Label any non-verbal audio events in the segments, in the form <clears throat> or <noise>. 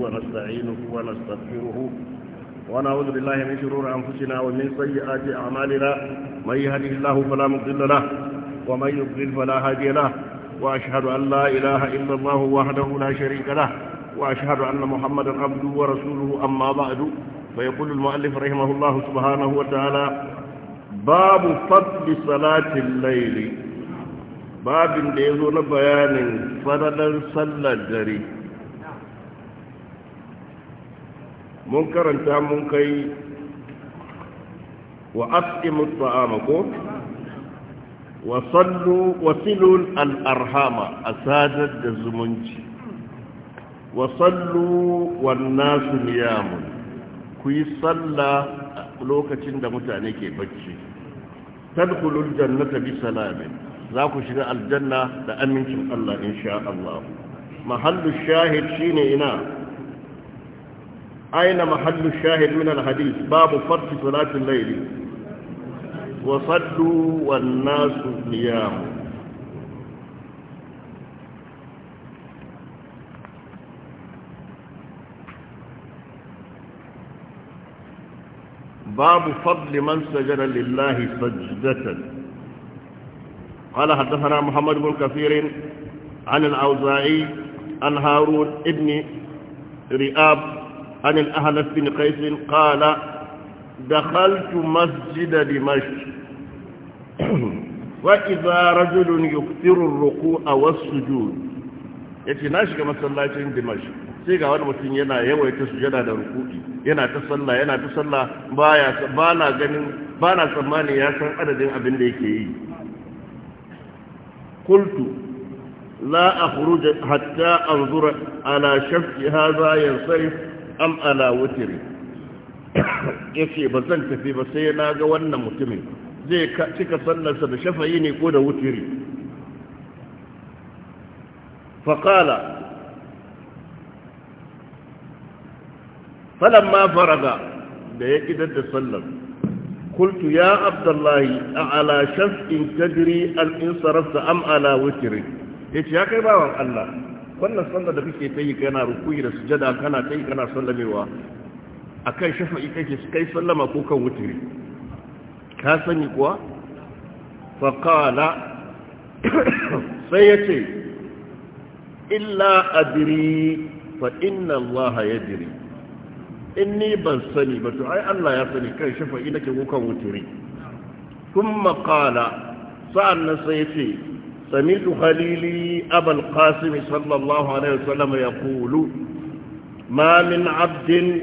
ونستعينه ونستغفره ونعوذ بالله من شرور أنفسنا ومن سيئات أعمالنا من يهده الله فلا مضل له ومن يضلل فلا هادي له وأشهد أن لا إله إلا الله وحده لا شريك له وأشهد أن محمدا عبده ورسوله أما بعد فيقول المؤلف رحمه الله سبحانه وتعالى باب فضل صلاة الليل باب يزول بيان فضل صلى الدري mun karanta mun kai wa asimu ta'ama ko wa sallu al'arhama a sadar da zumunci wa sallu wannasu niyamun ku yi salla lokacin da mutane ke bacci tadkhulul jannata bi salamin za ku shiga aljanna da amincin Allah insha Allah mahallu shahid shine ina أين محل الشاهد من الحديث باب فرض صلاة الليل وصلوا والناس قيام باب فضل من سجد لله سجدة قال حدثنا محمد بن كثير عن الأوزاعي عن هارون ابن رئاب عن الأهلف بن قيس قال دخلت مسجد دمشق <clears throat> وإذا رجل يكثر الركوع والسجود yace na shiga masallacin Dimash sai ga wani mutum yana yawaita sujada da rukuki yana ta sallah yana ta sallah Ba na tsammani ya san adadin abin da yake yi kultu la a hatta zura ala shafi hadha yansarif am ala wutiri ce ba zan tafi ba sai na ga wannan mutumin zai cika sallarsa da shafayi ne ko da wutiri faƙala falamma faraga da ya idar da sallar kultu ya abdullahi a ala shaf'in kadiri al'in sarrafta am ala wutiri ya ce ya kai bawan allah wannan sallar da kake ta yi kana rukuyi da sujada kana ta yi kana sallamewa A kan shafa'i kake kai sallama ko kan wutiri ka sani kuwa faqala sai ya ce, illa adri fa inna allaha In ni ban sani ba to ai Allah ya sani kan shafa'i nake ko kan wutiri kuma qala sa'annan sai ya ce. سمعت خليلي أبا القاسم صلى الله عليه وسلم يقول ما من عبد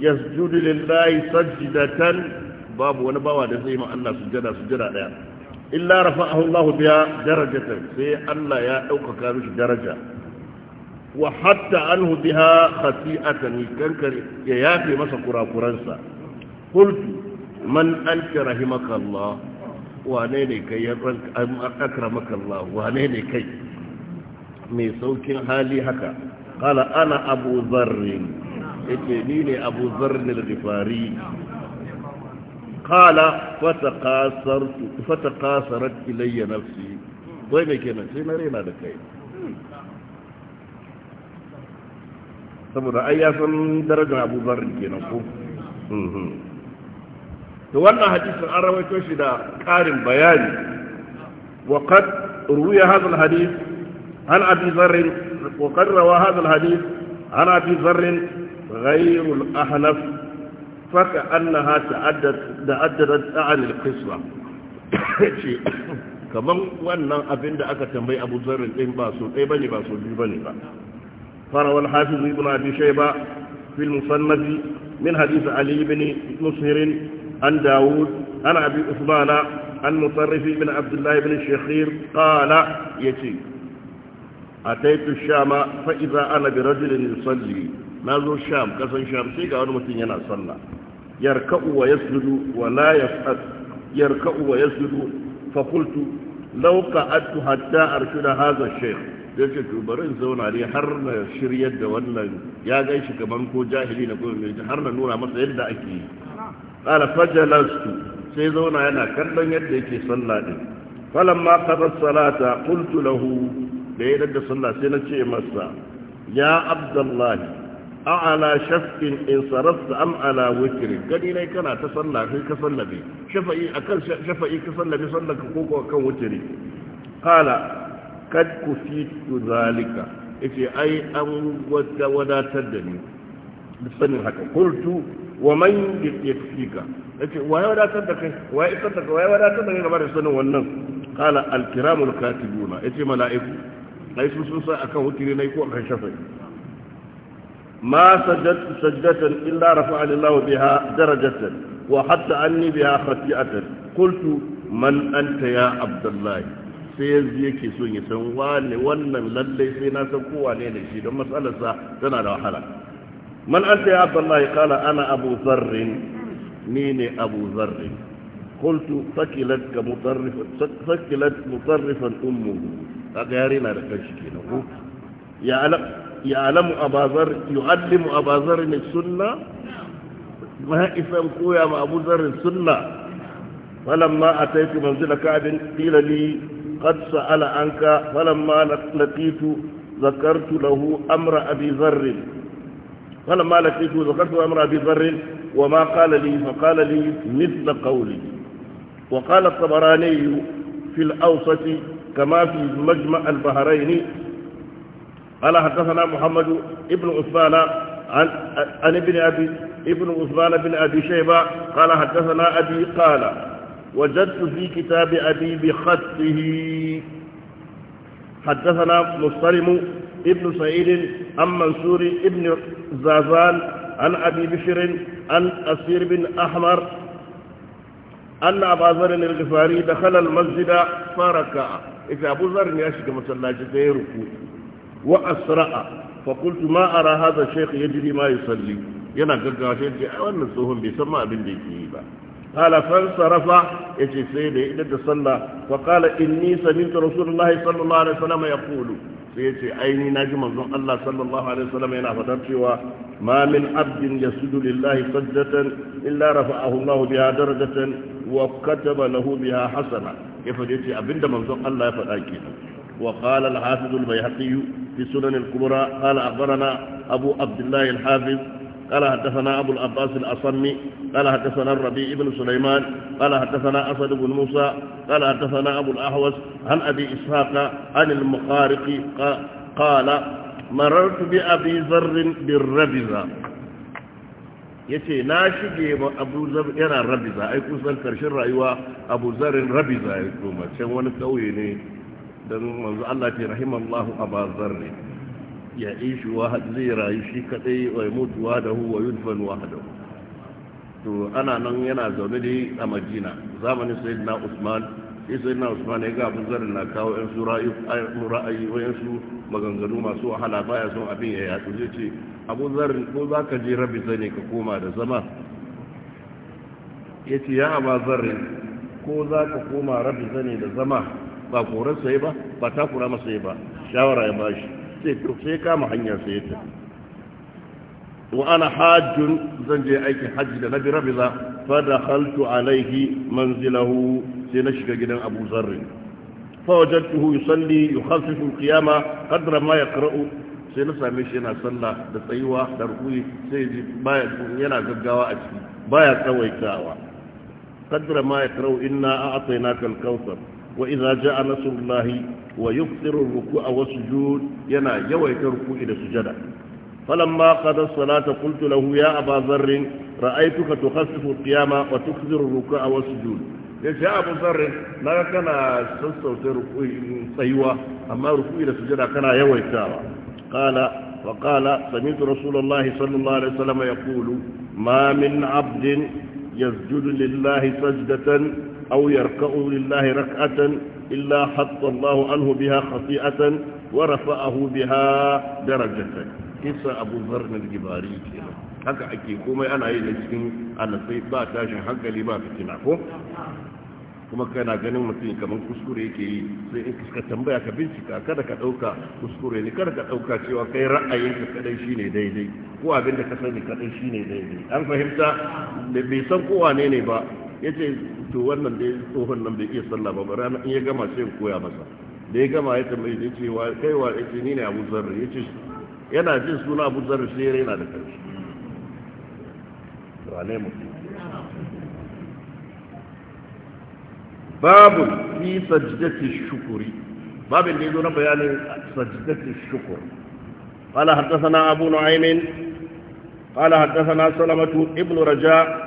يسجد لله سجدة باب ونبوى لزيما أن سجد سجد يعني. إلا رفعه الله بها درجة في ألا يا أوك كانوش درجة وحتى عنه بها خطيئة كنكر يافي مسا قرى قرنسا قلت من أنت رحمك الله wane ne kai ya akramaka Allah wane ne kai mai saukin hali haka kala ana abu zarrin ita ni ne abu zarrin da ghifari kala fata kasarar ilayya nafsi wai mai kenan sai na rena da kai saboda ai ya san darajar abu zarrin kenan ko mhm. to wannan hadisin an rawaito shi da ƙarin bayani wa qad ruwiya hadha al hadith an abi zarr wa qad rawa hadha al hadith an abi zarr ghayr al ahnaf fa ka annaha ta'addat da تعدد تعددت al qiswa kaman wannan abin da aka tambayi abu zarr din ba so dai bane ba so biyu bane ba farawar hafiz ibn abi shayba fil musannad min hadith ali ibn mushirin عن داود عن أبي أثمان عن مطرف بن عبد الله بن الشخير قال يتي أتيت الشام فإذا أنا برجل يصلي نازل الشام كسن شام سيقا ونمتن ينا صلى يركأ ويسجد ولا يفأت يركأ ويسجد فقلت لو قعدت حتى أرشد هذا الشيخ da ce tubarin zauna ne har na shiryar da wannan ya gaishe kamar ko jahili na kuma har na nuna masa yadda ake yi qala fajalastu sai zauna yana kallon yadda yake sallah din falamma qada salata qultu lahu da ya da sallah sai na ce masa ya abdullah a'ala shafkin in sarafta am ala witri gani nai kana ta sallah kai ka sallabe shafa'i akan shafa'i ka sallabe sallaka ka koko akan witri qala kad kufitu zalika yace ai an wadatar da ni sanin haka qultu wa man yafika ce wa ya wadatar da kai wa ya isar da kai wa ya wadatar da kai game da sanin wannan kala al kiramul katibuna yace mala'iku ai su sun sa akan wutiri nai ko akan shafai ma sajjat sajdatan illa rafa'a lillahu biha darajatan wa hatta anni biha khati'atan qultu man anta ya abdullahi sai yanzu ke son ya san wane wannan lallai sai na san kowa ne da shi don matsalarsa tana da wahala من أنت يا عبد الله قال أنا أبو ذر مين أبو ذر قلت ثكلتك كمطرف ثكلت مطرفا أمه أغيرنا لكشكينا يعلم يعلم أبا ذر يعلم أبا ذر السنة ما إسم يا أبو ذر السنة فلما أتيت منزل كعب قيل لي قد سأل عنك فلما لقيت ذكرت له أمر أبي ذر فلما يجوز ذكرت أمر أبي ذر وما قال لي فقال لي مثل قولي وقال الطبراني في الأوسط كما في مجمع البحرين قال حدثنا محمد ابن عثمان عن, عن ابن أبي ابن عثمان بن أبي شيبة قال حدثنا أبي قال وجدت في كتاب أبي بخطه حدثنا مسترم ابن سعيد عن منصور ابن زازان عن أبي بشر عن أسير بن أحمر أن أبا ذر الغفاري دخل المسجد فركع إذا أبو ذر يشك مسلاة ركوع وأسرع فقلت ما أرى هذا الشيخ يجري ما يصلي ينا قرقا شيخ أولا سوهم بيسمى ابن بيكيبا قال فانصرف يجي سيدي إذا صلى فقال إني سمعت رسول الله صلى الله عليه وسلم يقول sai yace aini naji manzon Allah sallallahu alaihi wasallam yana fadar cewa ma min abdin yasudu lillahi sajdatan illa rafa'ahu Allah biha darajatan wa kataba lahu biha hasana ya fadi yace abinda manzon Allah ya fada kenan wa qala al-hafiz al-bayhaqi fi sunan al-kubra qala akhbarana abu abdullah al-hafiz قال حدثنا أبو الأباس الأصمي قال حدثنا الربيع بن سليمان قال حدثنا أسد بن موسى قال حدثنا أبو الأحوص عن أبي إسحاق عن المقارق قال مررت بأبي ذر بالربزة يتي ناشد أبو ذر يرى zar أي rabiza ai kusan أبو ذر abu zarin rabiza ya koma can wani kauye ne don Ya zai يعيش واحد زي رايشي كدي ويموت وحده ويدفن وحده to ana nan yana zaune ne a madina zamanin sayyidina usman sai sayyidina usman ya ga abin zarin na kawo yan su ra'ayi wayan su maganganu masu wahala baya son abin ya yatsu zai ce abu zarin ko za ka je rabi zane ka koma da zama ya ce ya aba zarin ko za ka koma rabi zane da zama ba korarsa ya ba ba takura masa ya ba shawara ya ba shi ce to sai kama hanyar sai ya tafi wa ana hajjun zan je aikin hajji da nabi rabiza fa haltu alaihi manzilahu sai na shiga gidan abu zarri fa wajadtuhu yusalli yukhaffifu al-qiyama qadra ma yaqra'u sai na same shi yana sallah da tsayuwa da rukuni sai baya yana gaggawa a ciki baya tsawaitawa qadra ma yaqra'u inna a'tainaka al-kawthar وإذا جاء نصر الله ويكثر الركوع والسجود ينا يويت الركوع إلى السجدة فلما قضى الصلاة قلت له يا أبا ذر رأيتك تخفف القيامة وتكثر الركوع والسجود يا أبو ذر ما كان سلسل ركوع صيوة أما ركوع إلى السجدة كان يويت قال وقال سمعت رسول الله صلى الله عليه وسلم يقول ما من عبد يسجد لله سجدة أو يركع لله ركعة إلا حط الله عنه بها خطيئة ورفعه بها درجة كيسا أبو ذر الجباري haka ake komai ana yi da cikin alasai ba tashin hankali ba fitina ko kuma kana ganin mutum kamar kuskure yake yi sai in ka tambaya ka bincika kada ka ɗauka kuskure ne kada ka ɗauka cewa kai ra'ayinka kadai shine daidai ko abin ka sani kadai shine daidai an fahimta da bai san ko ne ne ba ya ce to wannan dai tsohon nan bai iya sallah ba ba ranar in ya gama sai koya masa da ya gama ya tambayi da ce kaiwa kai wa yace ni ne Abu ya ce yana jin suna Abu Zarr sai raina da karshe to alai mu babu fi sajdati shukuri babin da zo na bayanin sajdati shukur قال حدثنا أبو نعيم قال حدثنا سلمة ابن رجاء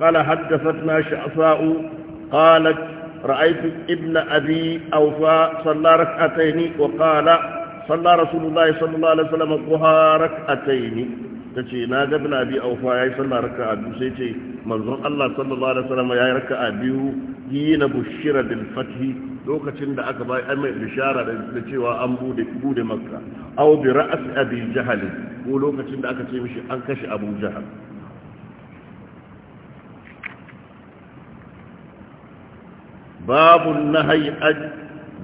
قال حدثتنا شعفاء قالت رأيت ابن أبي أوفى صلى ركعتين وقال صلى رسول الله صلى الله عليه وسلم الضحى ركعتين تشي نادى ابن أبي أوفى يا صلى ركعة بسيتي منظر الله صلى الله عليه وسلم يا ركعة بيو دين بشرة بالفتح lokacin da aka bai mai bishara da cewa an bude bude makka aw bi ra'as abi jahal ko lokacin da aka ce mishi an kashe abu jahal باب النهي أج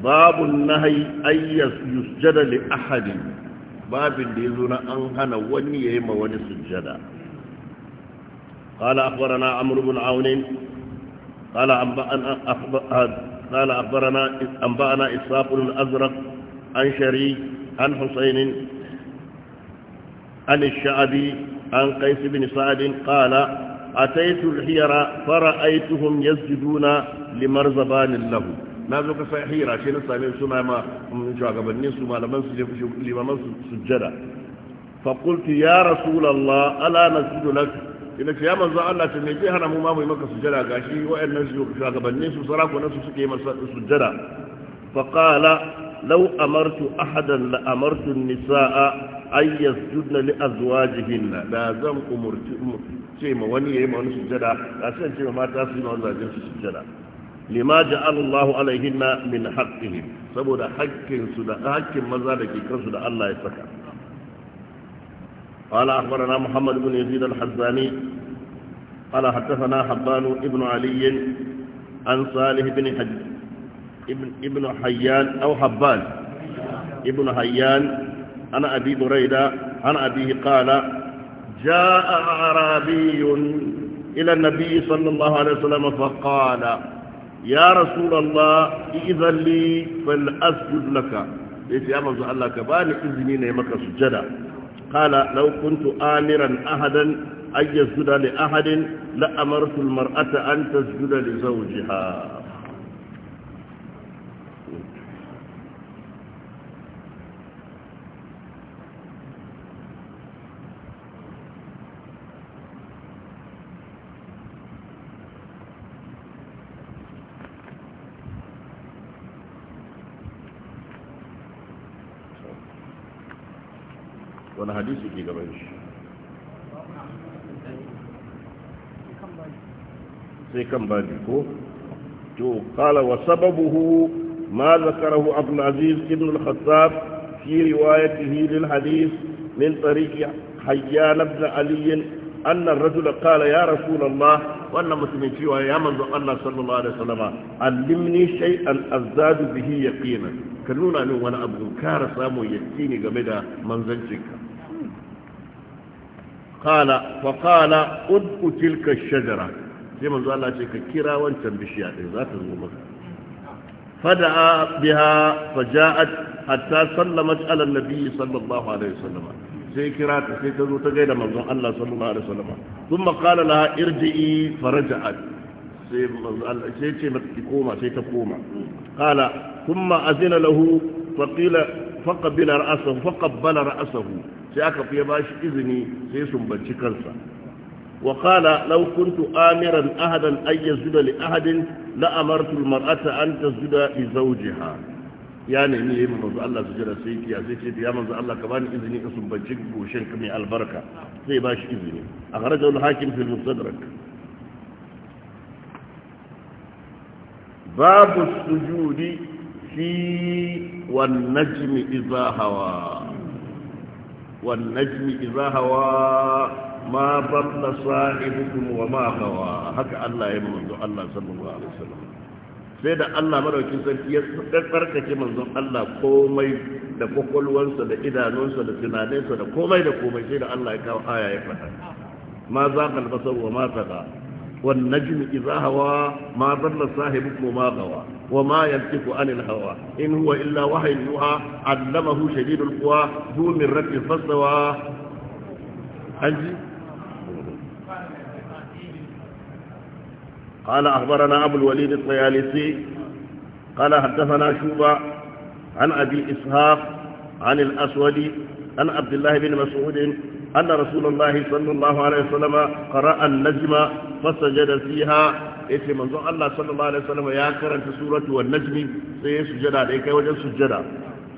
باب النهي أي يسجد لأحد باب اللي ديزنا أنهن وني يما وني سجدا قال أخبرنا عمرو بن عون قال أنبأنا قال أخبرنا أنبأنا إصاف الأزرق عن شريك عن حسين عن الشعبي عن قيس بن سعد قال أتيت الحيرة فرأيتهم يسجدون لمرزبان له ما ذلك في حيرة شيء نستعلم سنة ما منشاق بالنس وما لمن سجد فقلت يا رسول الله ألا نسجد لك إنك يا من زعل الله تنجي هنا مماما يمكن سجد لك شيء وإن نشاق بالنس وصراك ونفس سكي سجد فقال لو أمرت أحدا لأمرت النساء أن يسجدن لأزواجهن لازم أمرت ce ma wani ya ma wani sujjada ga su ce ma mata su yi ma wazajen su sujjada lima ja'alallahu alaihinna min haqqihim saboda haƙƙin su da haƙƙin maza da ke kansu da Allah ya saka قال أخبرنا محمد بن يزيد الحزاني قال حدثنا حبان بن علي عن صالح بن حج ابن, ابن حيان أو حبان ابن حيان عن أبي بريدة عن أبيه قال جاء أعرابي إلى النبي صلى الله عليه وسلم فقال يا رسول الله إذا لي فلأسجد لك ليس يا رسول الله كبال إذني نيمك سجدا قال لو كنت آمرا أحدا أن يسجد لأحد لأمرت المرأة أن تسجد لزوجها wani hadisi ke gaban shi sai kan babi ko to qala wa sababuhu ma zakarahu abdul aziz ibn al-khattab fi riwayatihi lil hadith min tariq hayyan ibn ali أن الرجل قال يا رسول الله وأن مسلمين فيه يا من الله صلى الله عليه وسلم علمني شيئا أزداد به يقينا ka nuna min wani abu kara samun yakini game da manzancinka qala fa qala udku tilka shajara sai manzo Allah ce ka kira wancan bishiya din za ta zo maka fada'a biha faja'at hatta sallamat ala nabi sallallahu alaihi wasallam sai kira ta sai ta zo ta gaida manzon Allah sallallahu alaihi wasallam thumma qala laha irji'i faraja'at sai manzo Allah sai ce mata ki koma sai ta koma qala thumma azina lahu faqila faqbala ra'sahu faqbala ra'sahu sai aka fiye ba shi izini sai sumbanci kansa wa qala law kuntu amiran ahadan an yasjuda li ahadin la amartu al mar'ata an tasjuda li zawjiha ya nemi yayi manzo Allah su jira sai kiya sai ce ya manzo Allah ka bani izini in sumbanci goshin ka mai albarka sai ba shi izini akhrajahu al hakim fil al mustadrak babu sujudi fi wan najmi idha hawa والنجم إذا هوى ما ضل صاحبكم وما هوى هكا الله يمنذ الله صلى الله عليه وسلم sai da Allah maraukin ya tsarkake manzon Allah komai da kwakwalwansa da idanunsa da tunaninsa da komai da komai sai da Allah ya kawo aya ya fata ma za ka albasar wa ma والنجم إذا هوى ما ضل صاحبكم ما غوى وما ينطق عن الهوى إن هو إلا وحي يوحى علمه شديد القوى ذو مرة فاستوى قال أخبرنا أبو الوليد الطيالسي قال حدثنا شوبة عن أبي إسحاق عن الأسود عن عبد الله بن مسعود أن رسول الله صلى الله عليه وسلم قرأ النجم فسجد فيها yace manzon Allah sallallahu alaihi wasallam ya karanta suratu wan-najm sai ya sujada da kai wajen sujada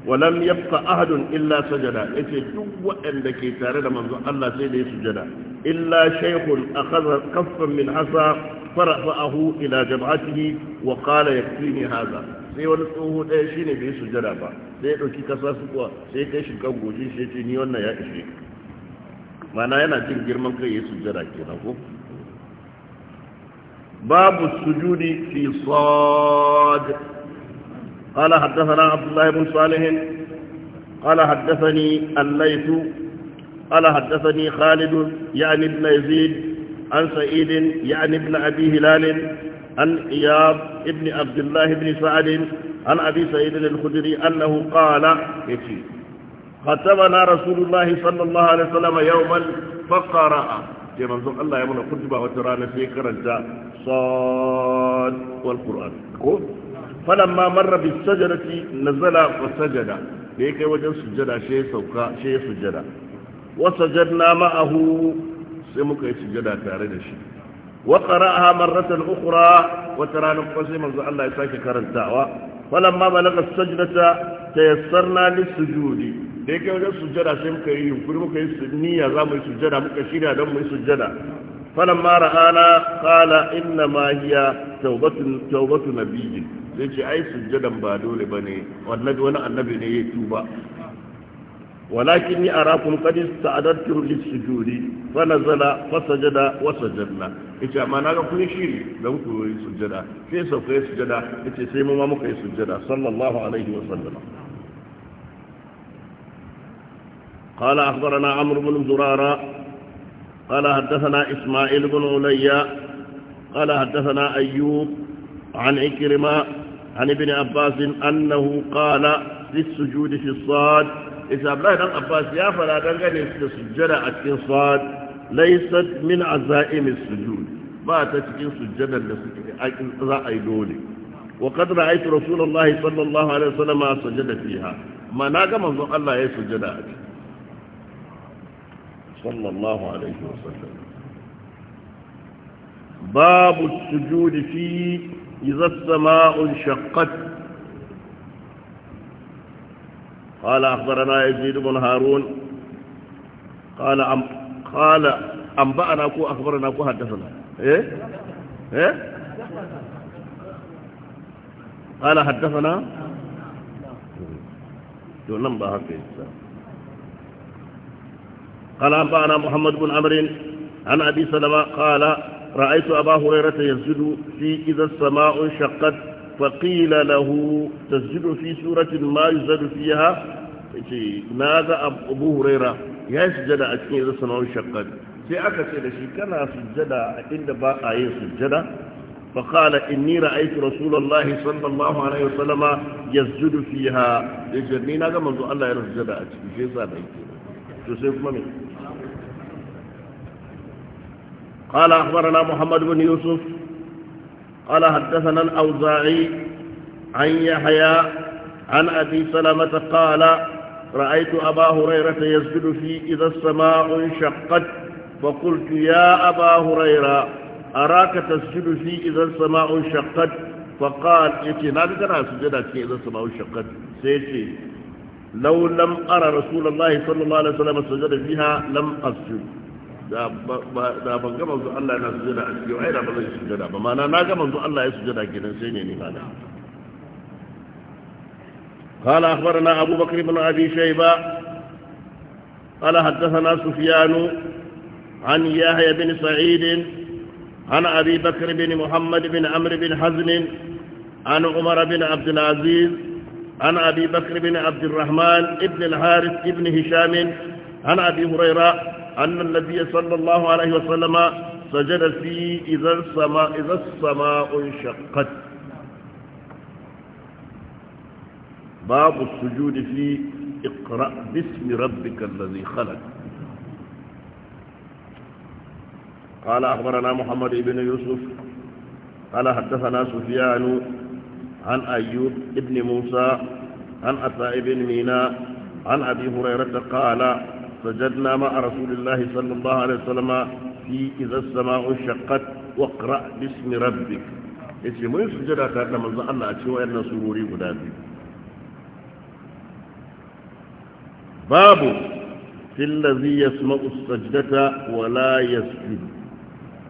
walam yabqa ahadun illa sajada yace duk waɗanda ke tare da manzon Allah sai da ya sujada illa shaykhun akhadha kaffan min hasa ila jab'atihi wa qala sai wani tsoho ɗaya shine bai sujada ba sai ya ɗauki kasa su kuwa sai ya kai shi kan gojin shi ce ni wannan ya ishe mana yana cin girman kai ya sujjada kenan ko babu sujudi fi sad قال حدثنا عبد الله بن صالح قال حدثني الليث قال حدثني خالد يعني ابن يزيد عن سعيد يعني ابن أبي هلال عن إياب ابن عبد الله بن سعد عن أبي سعيد الخدري أنه قال يتي ختمنا رسول الله صلى الله عليه وسلم يوما فقرا كما منزل الله يا من وترانا في كرنتا صاد والقران فلما مر بالسجدة نزل وسجد ليك وجن سجد شيء سوكا شيء سجدا وسجدنا معه سمك سجدا تارين الشيء وقرأها مرة أخرى وترانا قسم منزل الله يساك كرنتا فلما بلغ السجدة تيسرنا للسجود da yake wajen sujjada sai muka yi yunkuri muka yi niyya za mu yi sujjada muka shirya don mu yi sujjada falan mara ana kala inna ma hiya taubatu nabiyyi sai ce ai sujjadan ba dole ba ne wani annabi ne ya tuba walakin ni arakum qad ista'adartum lis-sujudi fa nazala fa sajada wa sajadna yace amma na ga kuni shiri da ku yi sujjada sai sai yi sujjada yace sai mu ma muka yi sujjada sallallahu alaihi wa sallam قال أخبرنا عمرو بن زرارة قال حدثنا إسماعيل بن عليا قال حدثنا أيوب عن عكرمة عن ابن عباس أنه قال في السجود في الصاد إذا بلاد عباس يا فلا دلغني في السجدة أكين صاد ليست من عزائم السجود باتت في السجدة أكين رأي دولي وقد رأيت رسول الله صلى الله عليه وسلم سجد فيها ما ناقم الله يسجد أكين sallallahu alaihi wasallam babu sujudi fi idza as-sama'u shaqqat قال أخبرنا يزيد بن هارون قال أم قال أنبأنا كو أخبرنا كو حدثنا إيه إيه قال حدثنا تنبأ في السلام قال أنبأنا محمد بن عمر عن أبي سلمة قال رأيت أبا هريرة يسجد في إذا السماء انشقت فقيل له تسجد في سورة ما يزد فيها ماذا أبو هريرة يسجد أشكي إذا السماء انشقت في aka ce da shi kana sujjada a inda ba فقال إني رأيت رسول الله صلى الله عليه وسلم يسجد فيها يجرني ناقا منذ الله يسجد أشكي شيء صار يجرني تسيب ممين قال أخبرنا محمد بن يوسف قال حدثنا الأوزاعي عن يحيى عن أبي سلمة قال رأيت أبا هريرة يسجد في إذا السماء انشقت فقلت يا أبا هريرة أراك تسجد في إذا السماء انشقت فقال يتي نادك أنا سجدت في إذا السماء انشقت سيتي لو لم أرى رسول الله صلى الله عليه وسلم سجد فيها لم أسجد da ban Allah yana sujada a cikin ba zai sujada ba mana na Allah ya sujada sai ne ni ba قال أخبرنا أبو بكر بن أبي شيبة قال حدثنا سفيان عن يحيى بن سعيد عن أبي بكر بن محمد بن عمرو بن حزم عن عمر بن عبد العزيز عن أبي بكر بن عبد الرحمن بن الحارث بن هشام عن أبي هريرة أن النبي صلى الله عليه وسلم سجد في إذا السماء, إذا السماء انشقت باب السجود في اقرأ باسم ربك الذي خلق قال أخبرنا محمد بن يوسف قال حدثنا سفيان عن أيوب بن موسى عن أتى بن ميناء عن أبي هريرة قال سجدنا مع رسول الله صلى الله عليه وسلم في إذا السماء شقت واقرأ باسم ربك yace mun sujada ta da manzon Allah a cikin wayannan surori guda biyu babu fil ladhi yasma'u as-sajdata wa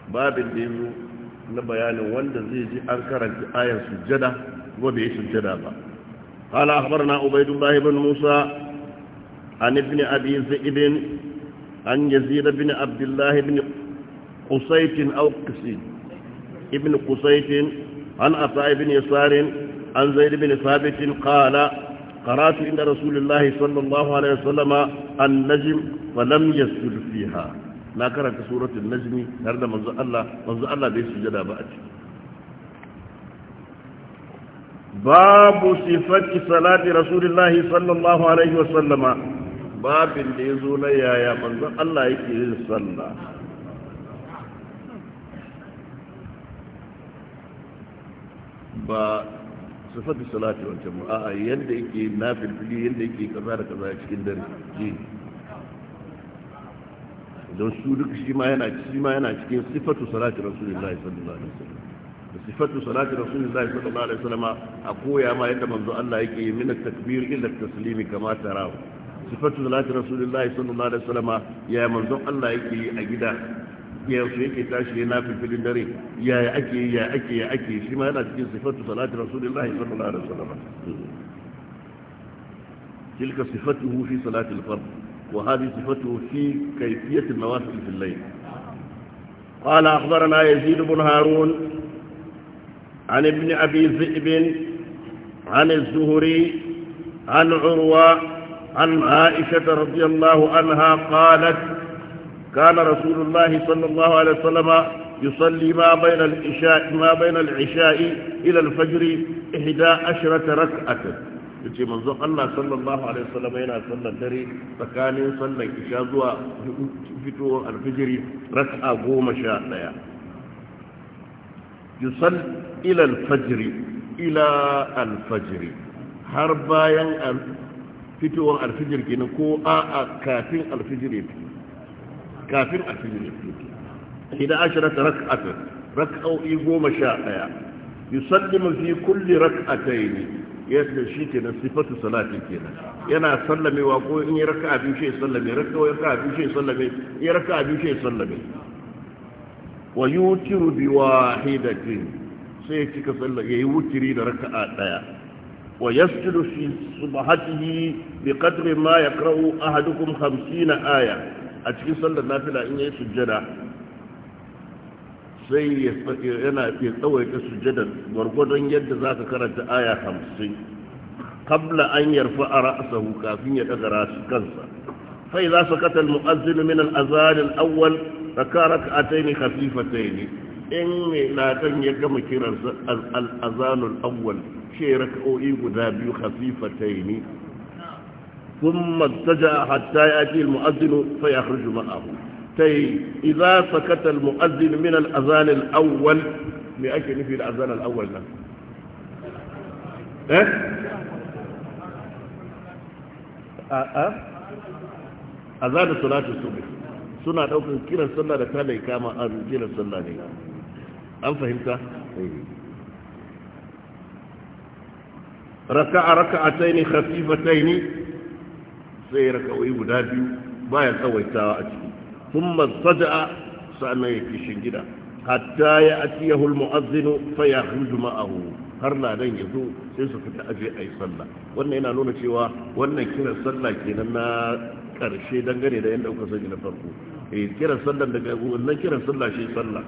babin da yazo na bayanin wanda zai ji an karanta ayar sujada bai sujada ba qala akhbarna ubaydullah ibn musa عن ابن أبي زئد عن يزيد بن عبد الله بن قصيت أو قسي ابن قصيت عن عطاء بن يسار عن زيد بن ثابت قال قرأت عند رسول الله صلى الله عليه وسلم النجم فلم يسجد فيها لا قرأت سورة النجم هذا منظر الله منظر الله بيسجد بأتي باب صفة صلاة رسول الله صلى الله عليه وسلم babin da ya zo na yaya manzon Allah yake yin sallah ba sifatu salati wa jama'a a'a yadda yake fili yadda yake kaza da kaza cikin dare ji don su duk shi ma yana shi ma yana cikin sifatu salati rasulullahi sallallahu alaihi wasallam da sifatu salati rasulullahi sallallahu alaihi wasallam a koya ma yadda manzo Allah yake min takbir ila taslimi kama tarawu sifatu salati rasulullahi sallallahu alaihi wasallam ya manzon Allah yake yi a gida ya su yake tashi na filfilin dare ya ake ya ake ya ake shi ma yana cikin sifatu salati rasulullahi sallallahu alaihi wasallam تلك صفته في صلاة الفرد وهذه صفته في كيفية النوافل في الليل قال أخبرنا يزيد بن هارون عن ابن أبي ذئب عن الزهري عن عروة عن عائشة رضي الله عنها قالت كان رسول الله صلى الله عليه وسلم يصلي ما بين العشاء ما بين العشاء إلى الفجر إحدى عشرة ركعة يجي من ذوق الله صلى الله عليه وسلم هنا صلى الدري فكان يصلى العشاء في الفجر ركعة قوم شاء يعني. يصل إلى الفجر إلى الفجر حربا ينقل fitowar alfijir kenan ko a'a kafin alfijir ya kafin alfijir ya fito idan ashirata rak'ata rak'o'i goma sha ɗaya yusallimu fi kulli rak'atayn yadda shi nan sifatu salati kenan yana sallamewa ko in yi raka'a biyu shi sallame raka'a raka'a biyu shi sallame in yi raka'a biyu shi sallame wa yutiru bi wahidatin sai ya cika Ya yi wutiri da raka daya ويسجد في صبحته بقدر ما يقرأ أحدكم خمسين آية أتكي صلى النافلة إن يسجد sai yana fi tsawaita sujjadar gwargwadon yadda za ka karanta aya hamsin kabla an yarfa a ra'asahu kafin ya daga rasu kansa fai za su katal mu'azzin min al'azarin awwal raka raka'atai ne khafifatai ne in mai ladan ya gama kiransa al'azanul awwal ce raka'o'i guda biyu khafifatai ne ثم اتجأ حتى يأتي المؤذن فيخرج معه تي إذا سكت المؤذن من الأذان الأول لأكل في الأذان الأول لا. إيه؟ آه، آه. أذان صلاة الصبح سنة أوكي كلا صلاة كان يكاما أذان كلا صلاة أم فهمت؟ إيه. raka'a raka'ataini khafifataini sai raka'o'i guda biyu baya tsawaitawa a ciki thumma sada'a sannan ya kishin gida hatta ya atiyahu almu'azzinu fa yakhruju ma'ahu har ladan ya zo sai su fita aje ayi sallah wannan yana nuna cewa wannan kiran sallah kenan na ƙarshe, dangane da yanda kuka sani na farko eh kiran sallah daga wannan kiran sallah shi sallah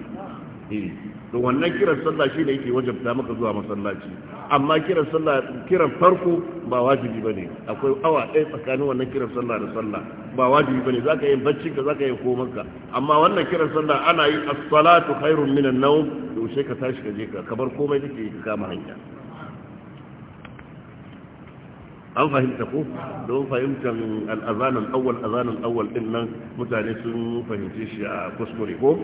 eh. to wannan kiran sallah shi ne yake wajabta maka zuwa masallaci amma kiran sallah kiran farko ba wajibi bane akwai awa ɗaya tsakanin wannan kiran sallah da sallah ba wajibi bane zaka yi bacci ka zaka yi komanka amma wannan kiran sallah ana yi as-salatu khairun minan nawm to sai ka tashi ka je ka kabar komai kake ka kama hanya an fahimta ko don fahimtar al'azanin awal azanin awal din nan mutane sun fahimce shi a kuskure ko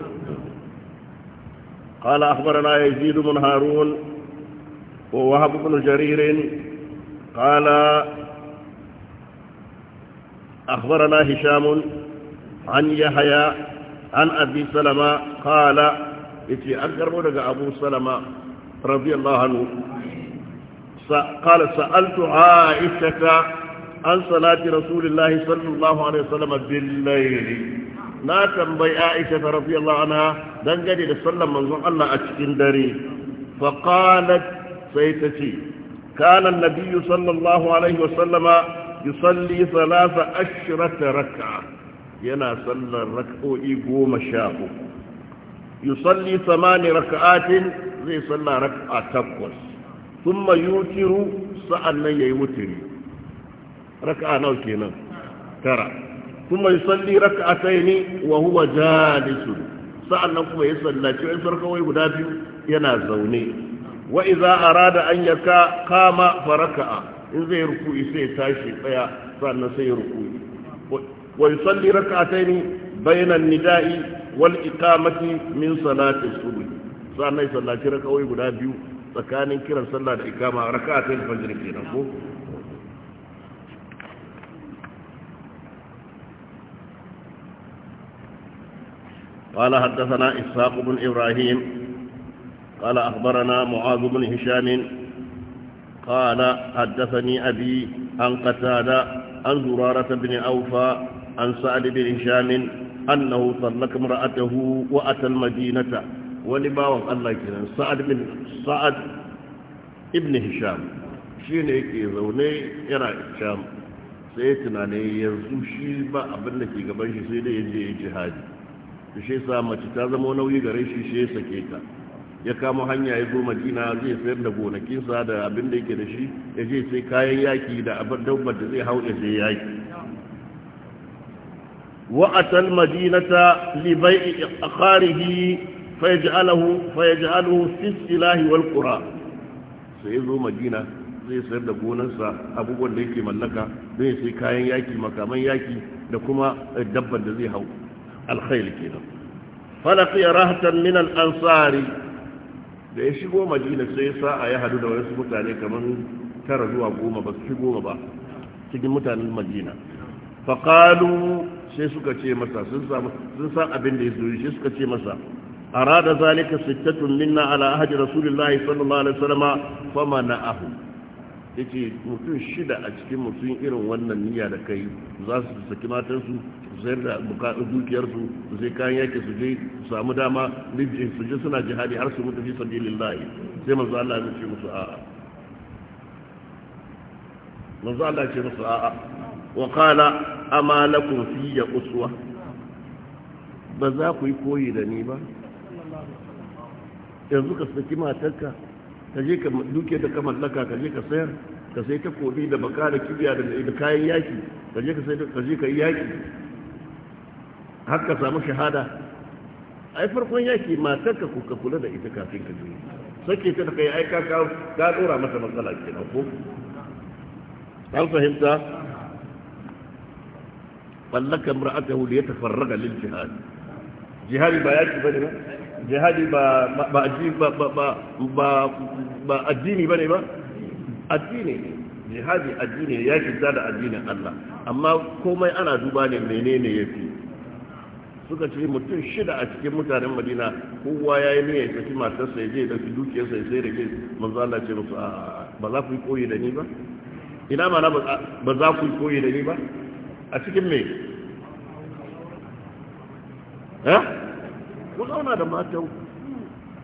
قال أخبرنا يزيد بن هارون ووهب بن جرير قال أخبرنا هشام عن يحيى عن أبي سلمة قال إتي أقرب لك أبو سلمة رضي الله عنه قال سألت عائشة عن صلاة رسول الله صلى الله عليه وسلم بالليل ما تنبي عائشة رضي الله عنها dangane da sallar manzon Allah a cikin dare faqalat sai ta ce kana nabiyyu sallallahu alaihi wasallama yusalli thalatha ashrata rak'a yana sallar rak'o'i goma sha yusalli thamani rak'atin zai salla rak'a takwas thumma yutiru sa'annan yayi wutiri rak'a nawa kenan tara yusalli يصلي wa huwa jalisun sa'an nan kuma ya sallaci wa'in sarkawai guda biyu yana zaune wa iza arada an ya kama faraka'a in zai ruku'i sai tashi tsaya sa'an nan sai ya ruku'i wa yusalli raka'ataini bayanan nida'i wal iqamati min salati subh sa'an nan sallaci raka'o'i guda biyu tsakanin kiran sallah da ikama raka'atayn fajr kenan ko قال حدثنا إسحاق بن إبراهيم قال أخبرنا معاذ بن هشام قال حدثني أبي عن قتادة عن زرارة بن أوفى عن سعد بن هشام أنه طلق امرأته وأتى المدينة ولما وقال لك سعد بن سعد ابن هشام شين يكي زوني إرى هشام سيتنا لي يزوشي ما أبنك يقبل شيء سيدي يجي جهادي da shi sa mace ta zama nauyi gare shi shi sake ta ya kama hanya ya zo madina zai sayar da gonakinsa da abin da yake da shi ya je sai kayan yaki da abin dabbar da zai hau ya je yaki وأتى المدينة لبيع أخاره فيجعله ilahi wal qura sai zo madina zai sayar da gonarsa abubuwan da yake mallaka zai sai kayan yaki makaman yaki da kuma dabban da zai hau alkhairi kenan falaqiya rahatan min al-ansari da ya shigo madina sai ya sa'a ya hadu da wasu mutane kamar tara zuwa goma ba su goma ba cikin mutanen madina faƙalu sai suka ce masa sun san abin da ya zuri sai suka ce masa a rada zalika sittatun minna ala ahadi rasulullahi sallallahu alaihi wasallama fama na ahu yace mutum shida a cikin mutum irin wannan niyya da kai za su saki matansu sayar da bukatun dukiyarsu su sai kayan yaki su je su samu dama rijin su je suna jihadi har su mutu fi lahi sai manzo Allah ya ce musu a'a manzo Allah ya ce musu a'a wa qala ama lakum fiyya uswa ba za ku yi koyi da ni ba yanzu ka saki matarka ka je ka duke ta ka mallaka ka je ka sayar ka sai ta kodi da baka da kibiya da kayan yaki ka je ka sai ka je ka yi yaki har ka samu shahada ai farkon yaki matarka ku kuka kula da ita kafin ka juyi sake ta da kai ai ka ka dora mata matsala nan ko an fahimta ballaka mar'atahu li yatafarraga lil jihad jihad ba yaki bane ba jihadi ba ba addini ba ba ba ba addini bane ba addini ne jihadi addini ne yaki da addinin Allah amma komai ana duba ne menene yafi suka ce mutum shida a cikin mutanen madina kowa ya yi niyyar tafi matarsa ya je da su dukiyar ya sai da ke manzo Allah ce musu ba za ku yi koyi da ni ba ina ma ba za ku yi koyi da ni ba a cikin me Ha? Eh? ku zauna da matan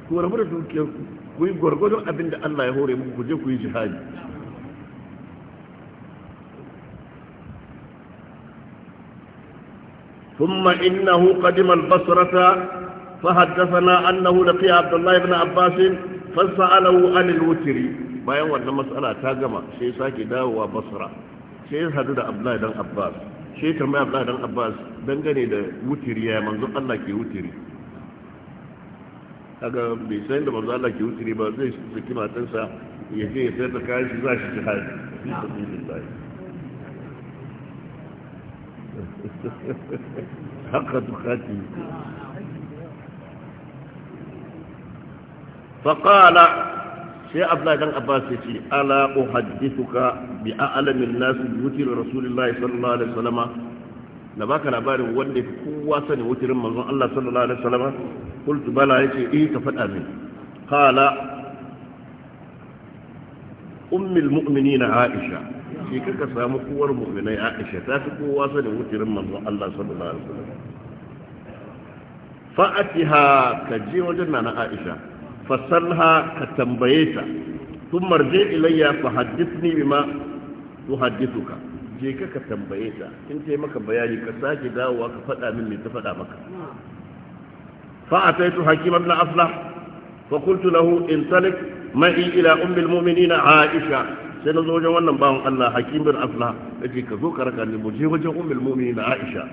ku rabu da dukiyarku ku yi gwargwadon abin da Allah ya hore muku ku je ku yi jihadi ثم إنه قدم البصرة فحدثنا أنه لقي عبد الله بن عباس فسأله عن الوتر bayan wannan matsala ta gama sai sake dawowa basra sai ya hadu da abdullahi dan abbas sai tambaya abdullahi dan abbas dangane da wutiri ya manzo Allah ke wutiri kaga bai san da manzo Allah ke wutiri ba zai saki matansa ya je ya sayar kayan shi za shi jihadi <laughs> haka tukati faƙala sai abdullahi dan abbas ya ce ala uhaddithuka bi a'lamin nas bi wutri rasulillahi sallallahu alaihi wasallam na baka labarin wanda kowa sani wutirin manzon Allah sallallahu alaihi wasallam qultu bala yace eh ka faɗa min qala ummul mu'minina aisha shi kaka samu kuwar mu'minai aisha ta fi kowa sanin wucirin manzon Allah sallallahu alaihi wasallam fa'atiha ka je wajen nana aisha fasalha ka tambaye ta tun marje ilayya fa haddithni bima tuhaddithuka je ka ka tambaye ta in ce maka bayani ka sake dawowa ka faɗa min me ta faɗa maka fa ataitu hakim ibn aflah fa qultu lahu intalik ma'i ila ummul mu'minina aisha sai na zo wajen wannan bawan Allah hakim bin afla yace ka zo ka raka ni mu je wajen ummul mu'minina aisha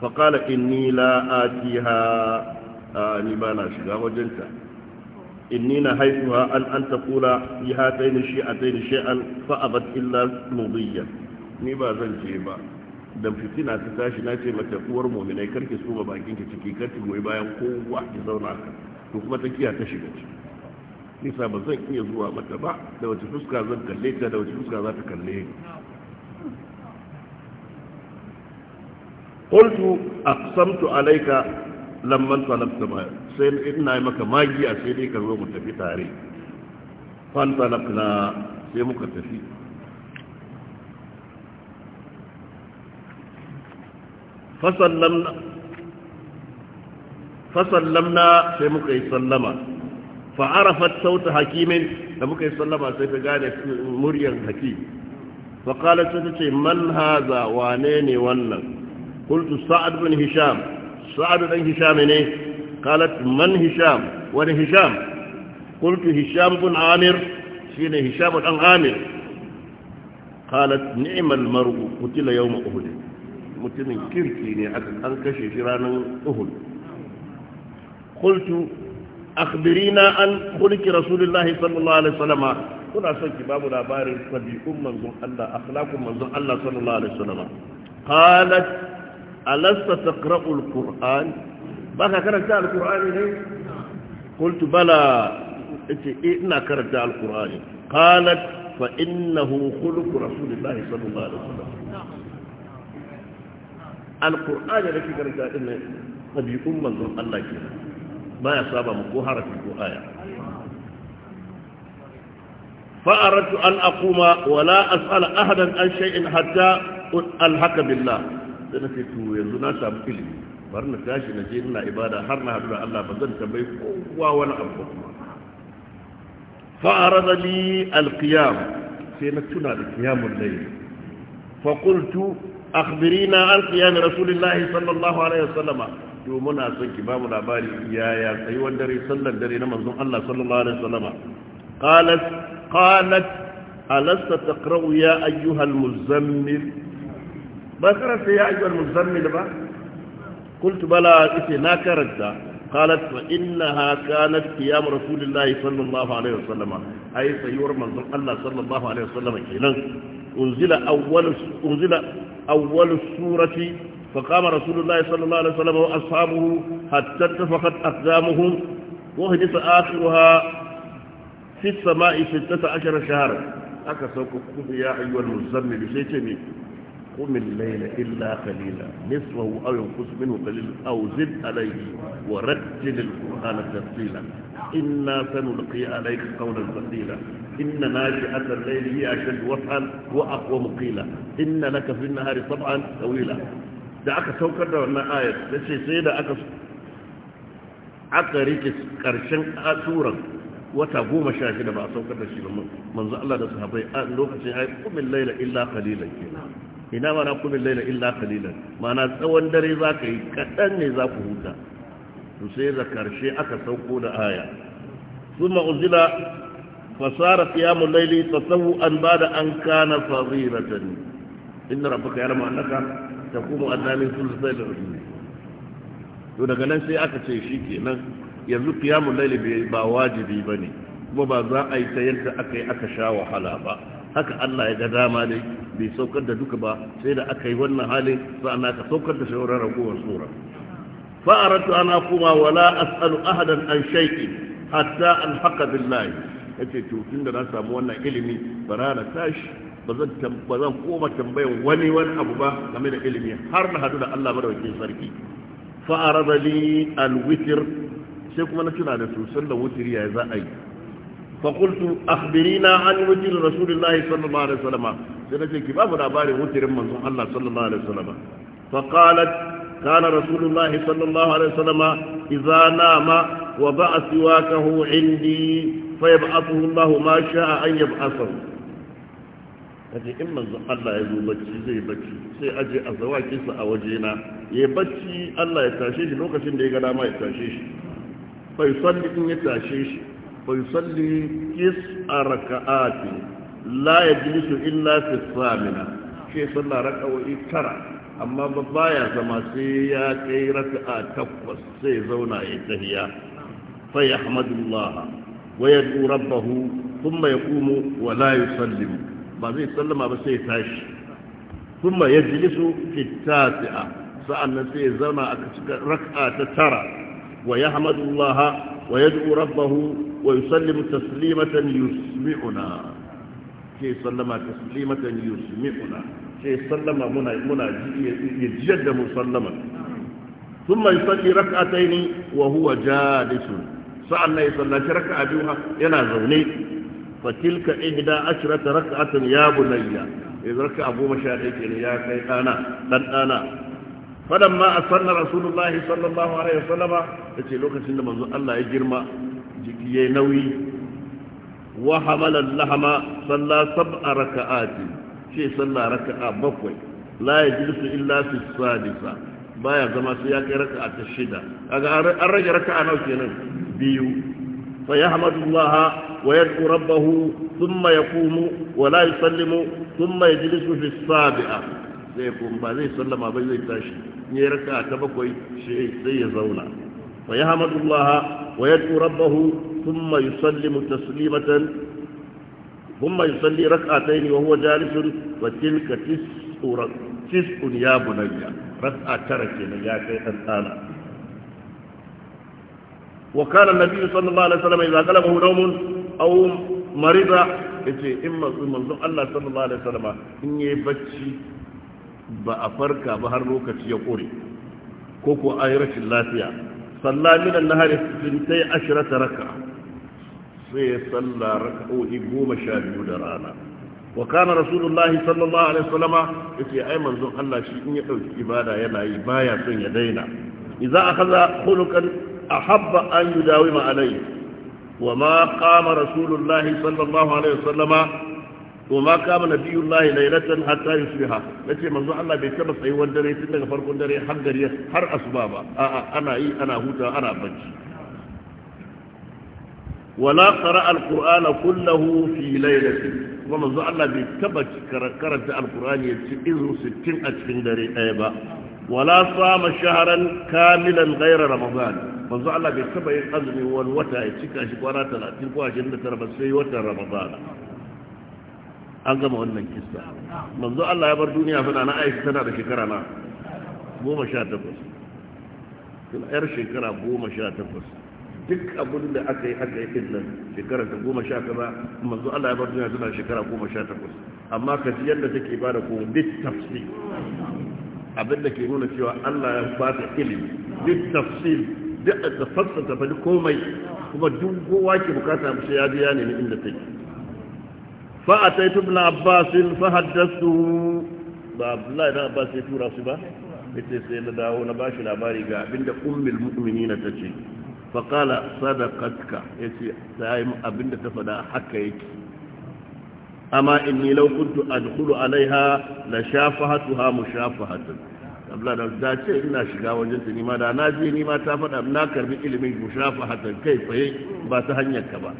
fa qala inni la atiha ni ba na shiga wajenta inni na haifuwa an an shi, fi hatayn shi'atayn shay'an fa abat illa mudiyya ni ba zan je ba da fitina ta tashi na ce mata uwar mu'minai karki su ba bakin ki ciki karki goyi bayan kowa ki zauna to kuma ta kiya ta shiga ciki nisa ba zan iya zuwa mata ba da wace fuska zan kalle ta da wace fuska za ta kalle ni qultu aqsamtu alayka lamman talabta ma sai ina yi maka magiya sai dai ka zo mu tafi tare fan talabna sai muka tafi fasallamna fasallamna sai muka yi sallama fa'arafat sautu hakimin da muka yi sallama sai ta gane muryar hakim faƙalar ta ce man haza wane ne wannan kultu sa'ad bin hisham sa'ad ɗan hisham ne ƙalat man hisham wani hisham kultu hisham bin amir shi ne hisham ɗan amir ƙalat ni'mal maru mutila yau ma'uhudu mutumin kirki ne aka an kashe shi ranar uhud kultu akhbirina an hulki rasulullahi sallallahu alaihi wasallam kuna son ki babu labarin tabi'un manzon Allah akhlaqun manzon Allah sallallahu alaihi wasallam qalat alasta taqra'u alquran baka karanta alqur'ani ne qultu bala ite ina karanta alqur'ani qalat fa innahu khuluq rasulillahi sallallahu alaihi wasallam alqur'ani da kike karanta din ne tabi'un manzon Allah kenan baya saba mu ko harafi ko aya فأردت أن أقوم ولا أسأل أحدا عن شيء حتى ألحق بالله سنفت يزنا سامكلي برنا تاشي نجينا إبادة حرنا حدنا الله بزن تبعي وانا أبقما فأرد لي القيام سنتنا لقيام الليل فقلت أخبرينا عن قيام رسول الله صلى الله عليه وسلم to muna son ki ba mu labari yaya tsayuwar dare sallar dare na manzon Allah sallallahu alaihi wasallama qalat qalat alasta taqra'u ya ayyuhal muzammil ba karanta ya ayyuhal muzammil ba قلت بلى إتي ناكرت قالت فإنها كانت قيام رسول الله صلى الله عليه وسلم أي سيور من الله صلى الله عليه وسلم كينا أنزل أول أنزل أول فقام رسول الله صلى الله عليه وسلم وأصحابه حتى اتفقت أقدامهم وهدف آخرها في السماء ستة عشر شهرا أكسوك قم يا أيها المزمل جميل قم الليل إلا قليلا نصفه أو ينقص منه قليلا أو زد عليه ورتل القرآن ترتيلا إنا سنلقي عليك قولا ثقيلا إن ناشئة الليل هي أشد وطئا وأقوم قيلا إن لك في النهار طبعا طويلا da aka saukar da wannan ayar da ce sai da aka aka rike ƙarshen asuran wata goma sha shida ba a saukar da shi ba manzo Allah da sahabbai a lokacin ai kumin laila illa qalilan kenan ina mana na kumin laila illa qalilan ma'ana tsawon dare za ka yi kaɗan ne za ku huta to sai da ƙarshe aka sauko da aya thumma unzila fasara qiyamul layli an ba'da an kana fadhilatan inna rabbaka yarma annaka ta kuma azamin sulusai to daga nan sai aka ce shi kenan yanzu kiyamun laili ba wajibi ba ne kuma ba za a yi ta yadda aka yi aka sha wahala ba haka Allah ya ga dama ne bai saukar da duka ba sai da aka yi wannan halin sa'an ka saukar da shauran ragowar tsora fa'aratu ana kuma wala as'alu ahadan an shay'in hatta alhaqa billahi yace to da na samu wannan ilimi bara na tashi ba zan koma tambayan wani wani abu ba game da ilimi har na hadu da Allah madawakin sarki fa'arada li alwitir sai kuma na tuna da su sallar wutiri ya za a yi fakultu akhbirina an wutir rasulullahi sallallahu alaihi wasallam sai nace ki babu labarin wutirin manzon Allah sallallahu alaihi wasallam fa qalat kana rasulullahi sallallahu alaihi wasallam idza nama wa ba'a siwakahu indi fayab'athu Allah ma sha'a an yab'athahu kaje in manzon Allah ya zo bacci zai bacci sai aje a azawakinsa a waje na ya bacci Allah ya tashe shi lokacin da ya ga dama ya tashe shi bai salli in ya tashe shi bai salli kis a raka'ati la ya jilisu illa fi samina ke sallah raka'o'i tara amma ba baya zama sai ya kai raka'a takwas sai zauna ya tahiya fa yahmadullah wa yad'u rabbahu thumma yaqumu wa la yusallimu ba zai sallama ba sai tashi kuma ya jilisu fitati'a sa'annan sai ya zama a cikin raka ta tara wa ya hamadullaha wa ya du'u rabbahu wa yusallimu taslimatan yusmi'una ke sallama taslimatan yusmi'una ke sallama muna muna ji jiyar da mu sallama thumma yusalli rak'ataini wa huwa jalisun sa'annan ya sallaci raka'a biyu yana zaune fatilka ihda ashrata rak'atun ya bunayya idan raka abu mashaɗe ke ya kai ɗana ɗan ɗana fadan ma a sanna rasulullah sallallahu alaihi wasallam ya ce lokacin da manzo Allah ya girma jiki yayi nauyi wa hamala lahama salla sab'a raka'ati shi salla raka'a bakwai la yajlisu illa fi sadisa baya zama sai ya kai raka'a ta shida kaga an rage raka'a nau kenan biyu فيحمد الله ويدعو ربه ثم يقوم ولا يسلم ثم يجلس في السابعة zai kuma ba zai sallama ba zai tashi ne raka ta bakwai sai ya zauna fa ya hamadullaha wa yad'u rabbahu thumma yusallimu taslimatan thumma yusalli rak'atayn wa huwa jalisun wa ya tara ya kai dan وكان النبي صلى الله عليه وسلم إذا غلبه نوم أو مريض yace in manzon Allah sallallahu alaihi wasallam in yi bacci ba a farka ba har lokaci ya kore ko ko ayi rashin lafiya salla min an-nahari sintai ashrata raka sai ya salla raka'o'i goma sha biyu da rana wa kana rasulullahi sallallahu alaihi wasallam yace ai manzon Allah shi in ya dauki ibada yana yi baya son ya daina idza akhadha khuluqan أحب أن يداوم عليه وما قام رسول الله صلى الله عليه وسلم وما قام نبي الله ليلة حتى يصبح من ذو الله بيتبس أي أيوة وندري فرق وندري حق دري حر أسبابا آه، آه، أنا إي أنا هوتا أنا بج ولا قرأ القرآن كله في ليلة ذو الله بيتبس كرت القرآن يتئذ ستين أتفين دري أيبا ولا صام شهرا كاملا غير رمضان manzo Allah bai taba yin azumi wani wata ya cika shi kwana 30 ko ashirin 29 ba sai watan Ramadan an gama wannan kissa manzo Allah ya bar duniya fa na Aisha tana da shekara na goma sha takwas. tun yar shekara goma sha takwas. duk abin da aka yi aka yi din nan shekara ta 18 manzo Allah ya bar duniya tana shekara goma sha takwas. amma kaji yadda take bada ko bit tafsir abin da ke nuna cewa Allah ya ba ta ilimi bit tafsir duk da tafarsa ta faɗi komai kuma duk kowa ke bukata mu ya biya ne inda take fa ataitu ibn abbas fa haddathu ba abdullahi da abbas ya tura su ba yace sai na dawo na bashi labari ga abinda ummul mu'minina tace fa qala sadaqatka yace sai abinda ta faɗa haka yake amma inni law kuntu adkhulu alaiha la shafahatuha mushafahatan abla da ce ina shiga wajen ta nima da na je nima ta faɗa na karbi ilimin mushafa hatan kai tsaye ba ta hanyar ka ba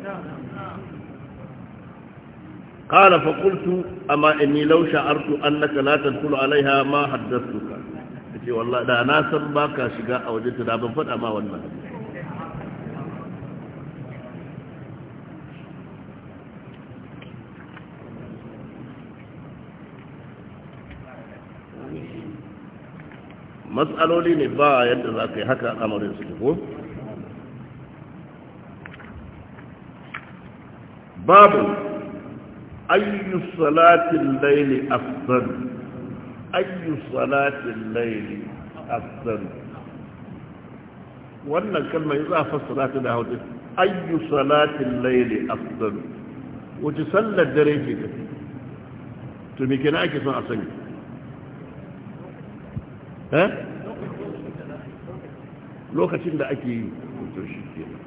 قال فقلت أما lausha لو شعرت أنك لا تدخل عليها ما حدثتك ce wallah da na san baka shiga a wajen ta da ban faɗa ma wannan matsaloli ne ba yadda za ka yi haka al'amarin su ko babu ayyu salatin laili afdal ayyu salatin laili afdal wannan kalma za a fassara ta da hausa ayyu salatin laili afdal wace sallar dare ke tafi to me kenan ake son a sani eh lokacin da ake yi kuto shi ke nan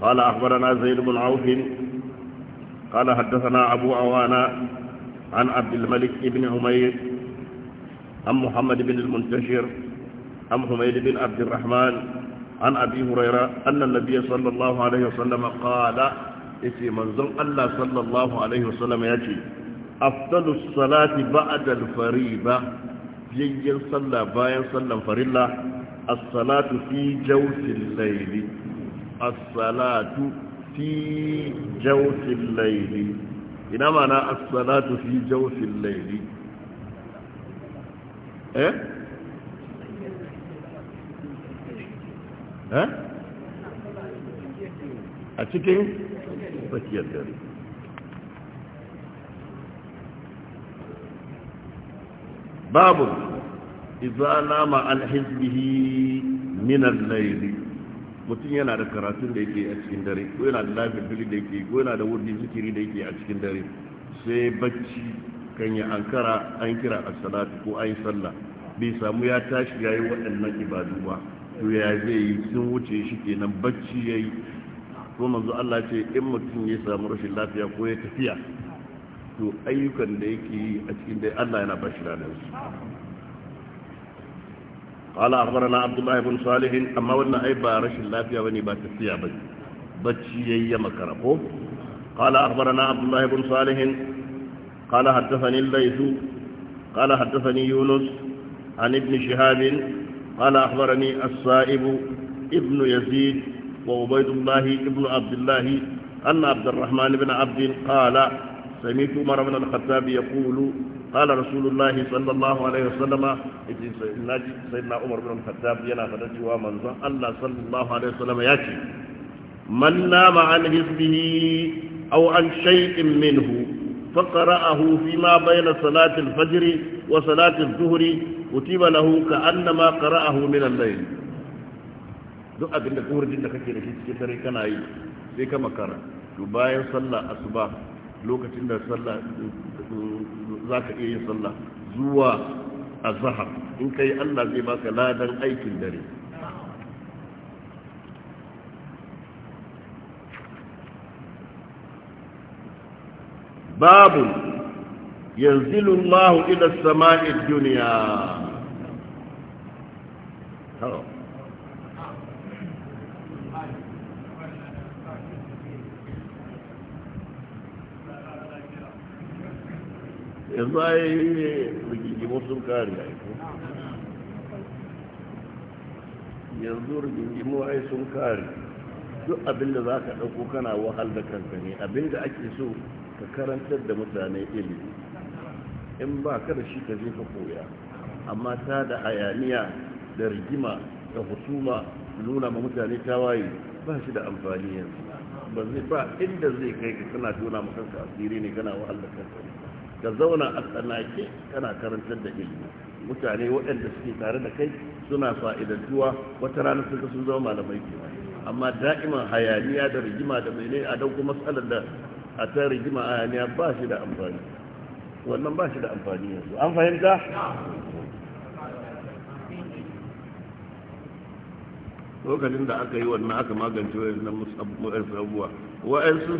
kala akwarana zainabun aufin kala haddasa na abuwa na an abdulmalik ibn humayyar an muhammad ibn al-muntashir an humayyar ibn abdulrahman an abi huraira annan labi ya sallallahu alaihi wasallama kala isi manzon allah sallallahu alaihi wasallama ya ce afdalus salati ba'da al-fariba yayyar sallah bayan sallan farilla as-salatu fi jawfil layli as-salatu fi jawfil layli ina mana as-salatu fi jawfil layli eh eh a cikin tsakiyar dare babu اذا نام عن حزبه من الليل mutum yana da karatun da yake a cikin dare ko yana da lafiyar da yake ko yana da wurin zikiri da yake a cikin dare sai bacci kan ya ankara an kira as-salatu ko ayi sallah bai samu ya tashi yayi waɗannan ibadu ba to ya zai yi sun wuce shi kenan bacci yayi ko manzo Allah ce in mutum ya samu rashin lafiya ko ya tafiya to ayyukan da yake yi a cikin dai Allah yana bashi ranar su qala akhbarana abdullah ibn salih amma wannan ba rashin lafiya bane ba ta tsiya bace bacci yayya makara ko qala akhbarana abdullah ibn salih qala hadathani laysu qala hadathani yunus an ibn shihab qala akhbarani as-sa'ib ibn yazid wa ubayd ibn abd الله ان عبد الرحمن بن عبد سمعت عمر بن الخطاب يقول قال رسول الله صلى الله عليه وسلم سيدنا عمر بن الخطاب ينا فتجوا من الله صلى الله عليه وسلم ياتي من نام عن حزبه أو عن شيء منه فقرأه فيما بين صلاة الفجر وصلاة الظهر كتب له كأنما قرأه من الليل duk abin da kuhurjin da kake da shi cikin dare kana yi sai ka makara to bayan sallah asuba lokacin da sallah za ka iya yin sallah zuwa azhar in yi Allah zai baka ladan aikin dare babu yanzu Allah ila samai duniya yanzu a yi rigingimu sun kare a yanzu rigingimu a sun kare duk abinda za ka ɗauko kana wahal da kanka ne abinda ake so ka karantar da mutane ilimi in ba ka da shi ka je ka koya amma ta da hayaniya da rigima da husuma nuna ma mutane tawaye ba shi da amfani yanzu ba inda zai kai ka kana tona maka asiri ne kana wahal da kanka ne ka zauna a tsanake kana karantar da ilimi mutane waɗanda suke tare da kai suna fa'idantuwa wata rana suka sun zama malamai ke amma da'iman hayaniya da rigima da ne a kuma matsalar da a ta rigima a hayaniya ba shi da amfani wannan ba shi da amfani yanzu an fahimta lokacin da aka yi wannan aka magance wannan abubuwa wa'ansu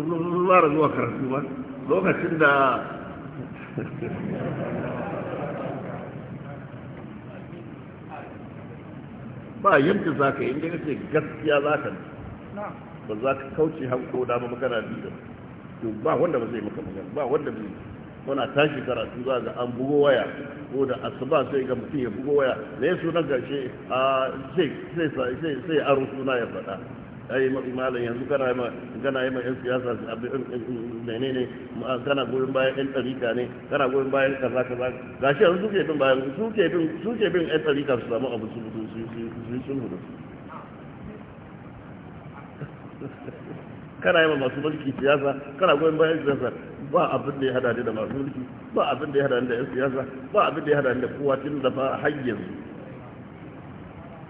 su mara zuwa karatu ba lokacin da ba yadda za ka yi inda ce gaskiya za ka ba za ka kauce hanko dama magana biyu to ba wanda ba zai maka magana ba wanda biyu wana tashi karatu za ga an bugo waya ko da asuba sai ga mutum ya bugo waya da ya sunan gashe a ah, sai sai sai aro suna ya faɗa ai malam yanzu kana yi kana yi yan siyasa ne ne kana goyon bayan yan tsarika ne kana goyon bayan kaza kaza gashi yanzu suke bin bayan suke bin suke bin yan tsarika su samu abu su su su su su kana yi masu mulki siyasa kana goyon bayan siyasa ba abin da ya hada da masu mulki ba abin da ya hada da yan siyasa ba abin da ya hada da kowa tun da fa har yanzu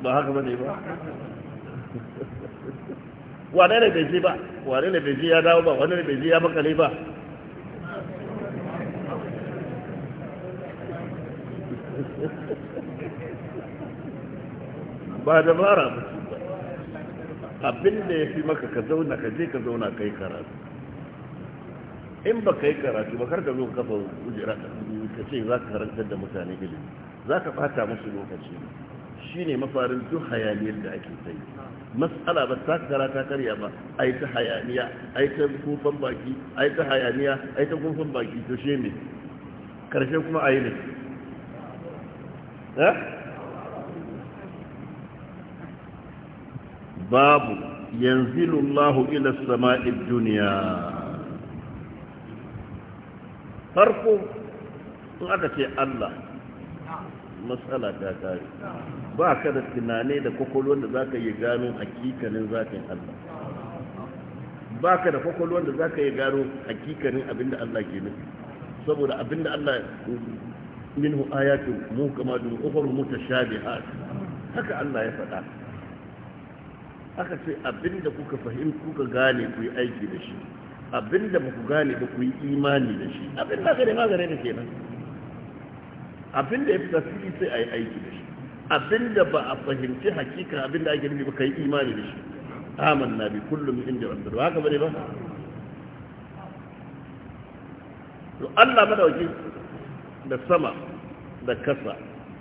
ba haka bane ba wane ne bai je ba wane ne bai ji ya dawo ba wane ne bai je ya makale ba <laughs> ba dabara ba abin da ya fi maka ka zauna ka je ka zauna ka yi karatu in ba ka yi karatu ba karka zo kafa kujera ka ce za ka karantar da mutane ilimi za ka bata musu lokaci shi ne mafarin duk hayaniyar da ake sai mas'ala ba ta kara ta karya ba a yi ta hayaniya a yi ta kufan baki a yi ta hayaniya a yi ta kufan baki to she ne karshe kuma a yi ne eh? babu yanzilu Allahu ila sama'id duniya farko in aka ce Allah matsala ta kare ba ka da tunane da kwakwalwar da za ka yi gano hakikanin zafin Allah ba ka da kwakwalwar da za ka yi gano hakikanin abinda Allah ke nufi saboda abinda Allah minhu ayatun da ukhra mutashabihat haka Allah ya faɗa aka ce abinda kuka fahim kuka gane ku yi aiki da shi abinda ba ku gane ba ku yi imani da shi abinda ka da magare da kenan abin da ya fi tasiri sai a yi aiki da shi abin da ba a fahimci hakika abin da ake nufi ba ka yi imani da shi amin na bi kullum inda rabbi ba haka ne ba to Allah madauki da sama da kasa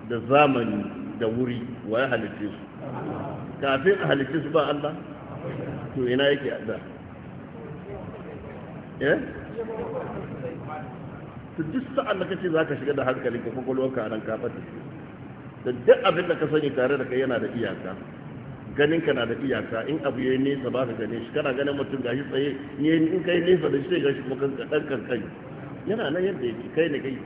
da zamani da wuri wa ya halitta su kafin a halitta su ba Allah to ina yake da eh? to duk sa'an da kace zaka shiga da hankalinka kwakwalwarka nan ka fata da duk abin da ka sani tare da kai yana da iyaka ganin ka na da iyaka in abu yayi nesa ba ka gane shi kana ganin mutum gashi tsaye ne in kai nesa da shi sai shi kuma kanka dan kankan yana nan yadda yake kai ne kai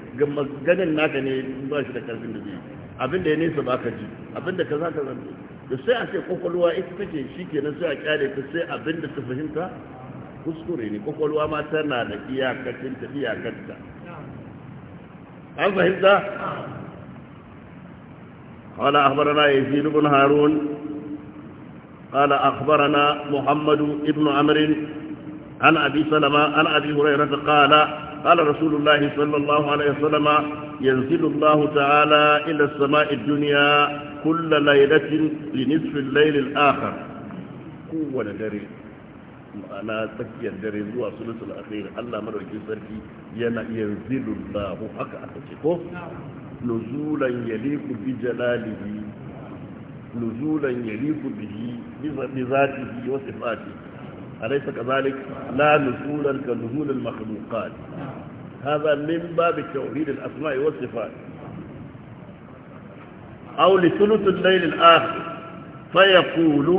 ganin naka ne ba shi da karfin da zai abin da ya nesa ba ka ji abin da ka za ka zanto da sai a ce kwakwalwa ita take shi kenan sai a kyale ta sai abin da ta fahimta kuskure ne kwakwalwa ma tana da iyakacinta iyakacinta هل فهمت قال أخبرنا يزيد بن هارون قال أخبرنا محمد بن عمر عن أبي سلمة عن أبي هريرة قال قال رسول الله صلى الله عليه وسلم ينزل الله تعالى إلى السماء الدنيا كل ليلة لنصف الليل الآخر قوة دريد ma'ana tsakiyar dare zuwa sulusul akhir Allah madaukakin sarki yana yanzilu Allahu haka aka ce ko nuzulan yaliku bi jalalihi nuzulan yaliku bihi bi zatihi wa sifatihi alaysa kadhalik la nuzulan ka nuzul al makhluqat min bab tawhid al asma'i wa sifat aw li أو layl al akhir fa yaqulu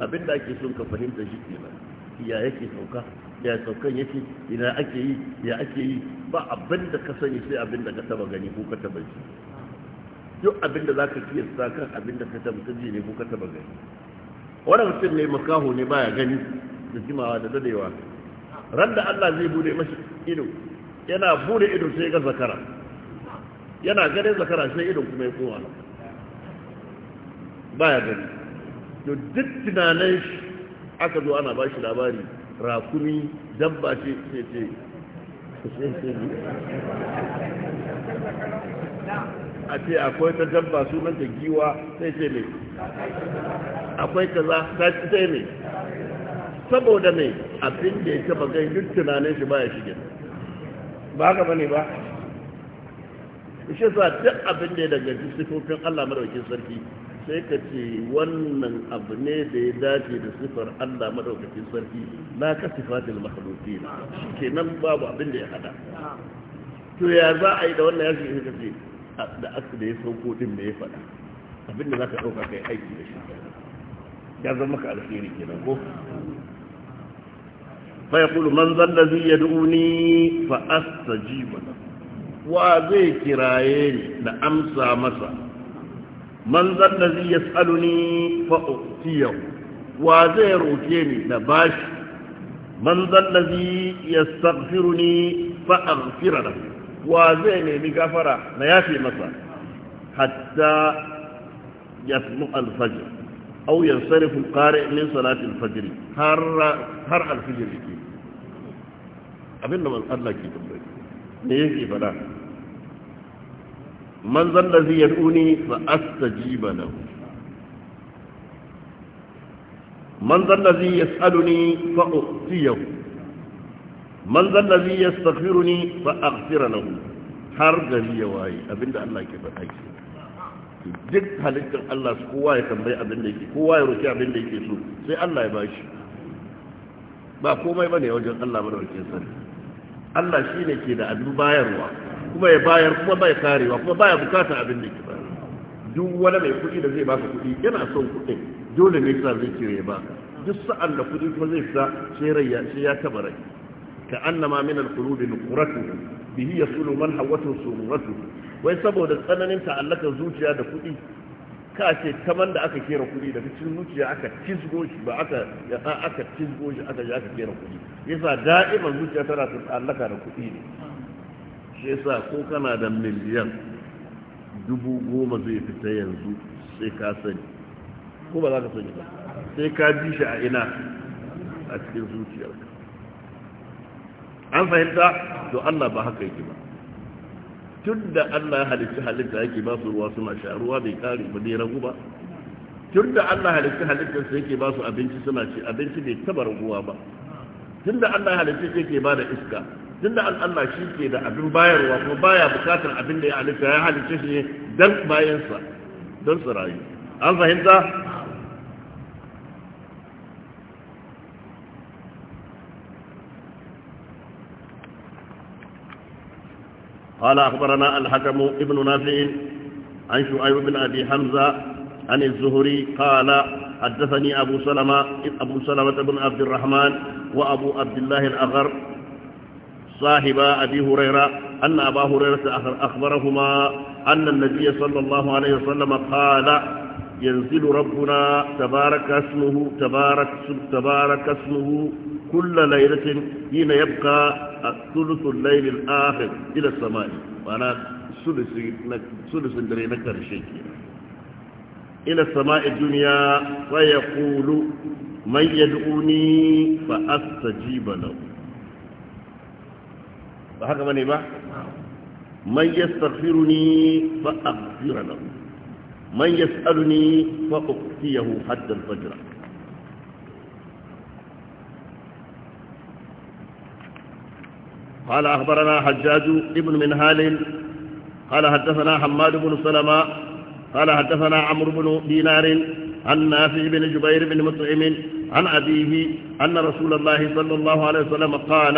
abinda ake son ka fahimta shi kenan ya yake sauka ya saukan yake ina ake yi ya ake yi ba abin da ka sani sai abin da ka taba gani ko ka taba ji duk abin da za ka sa kan abin da ka taba ji ne ko ka taba gani wannan mutum ne makaho ne baya gani da jimawa da dadewa ran da Allah zai bude mashi ido yana bude ido sai ga zakara yana ganin zakara sai ido kuma ya koma baya gani to duk tunanin shi aka zo ana ba shi labari rakumi dabba ce ce ce a ce akwai ta dabba sunanta giwa sai ce ne akwai ta za kaza sai ne saboda ne abin da ya taba gai duk tunanin shi ba ya shige ba haka bane ba shi sa duk abin da ya daga sifofin Allah madaukakin sarki sai ka ce wannan abu ne da ya dace da sifar Allah madaukakin sarki na ka sifatil ke nan babu abin da ya hada to ya za a yi da wannan yashi sai ka ce ah, da asu da ya sauko din da ya faɗa abin da ka dauka kai aiki da shi ya zama maka alheri kenan ko fa kulu man zai ya duni fa astajibu wa zai kiraye ni da amsa masa man zan da zai yas'aluni fa utiyahu wa zai roke ni da bashi man zan da zai yastaghfiruni fa aghfira da. wa zai nemi gafara na yafe masa hatta ya tsamu alfajir aw yansarifu al-qari' min salati fajiri. har har al Abin da abinda Allah ke tambaye me yake fada man zan da zai yad'uni fa na lahu man zan da zai yas'aluni fa u'tiyahu man zan da zai yastaghfiruni fa na lahu har gari ya waye abinda Allah ke faɗa ke duk halittar Allah su kowa ya tambayi abin da yake kowa ya roƙi abin da yake so sai Allah ya bashi ba komai bane wajen Allah madaukakin sani Allah shine ke da abin bayarwa kuma ya bayar kuma bai karewa kuma baya bukata abin da ke ba duk wani mai kuɗi da zai baka kuɗi yana son kuɗin dole ne sa zai cire ba duk sa'an da kuɗi kuma zai sa sai rai ya sai ya taba rai ka annama min al-qulubi nuqratu bihi yasulu man hawatu sururatu wai saboda tsananin ta'allaka zuciya da kuɗi ka ce kaman da aka kera kuɗi daga cikin zuciya aka cizgo shi ba aka ya aka cizgo shi aka ji aka kera kuɗi yasa da'iman zuciya tana ta'allaka da kuɗi ne shi yasa ko kana da miliyan dubu goma zai fita yanzu sai ka sani ko ba za ka sani ba sai ka ji shi a ina a cikin zuciyarka an fahimta to Allah ba haka yake ba tun da Allah ya halitta halitta yake ba su ruwa suna sha ruwa bai kare ba ne ragu ba tun da Allah halitta sai yake ba su abinci suna ci abinci bai taba raguwa ba tun da Allah halitta yake ba da iska tunda an Allah shi ke da abin bayarwa kuma baya bukatar abin da ya halitta ya halitta shi dan bayansa don su rayu an fahimta قال أخبرنا الحكم ابن نافع عن شعيب بن أبي حمزة عن الزهري قال حدثني أبو سلمة أبو سلمة بن عبد الرحمن وأبو عبد الله الأغر صاحب أبي هريرة أن أبا هريرة أخبرهما أن النبي صلى الله عليه وسلم قال ينزل ربنا تبارك اسمه تبارك تبارك اسمه كل ليلة حين يبقى ثلث الليل الآخر إلى السماء وأنا ثلث الليل أكثر شيء إلى السماء الدنيا فيقول من يدعوني فأستجيب له ba haka bane ba man yastaghfiruni fa aghfir lahu man yas'aluni fa uqtiyahu hatta al-fajr قال أخبرنا حجاج ابن منهال قال حدثنا حماد بن سلمة قال حدثنا عمرو بن دينار عن نافع بن جبير بن مطعم عن أبيه أن رسول الله صلى الله عليه وسلم قال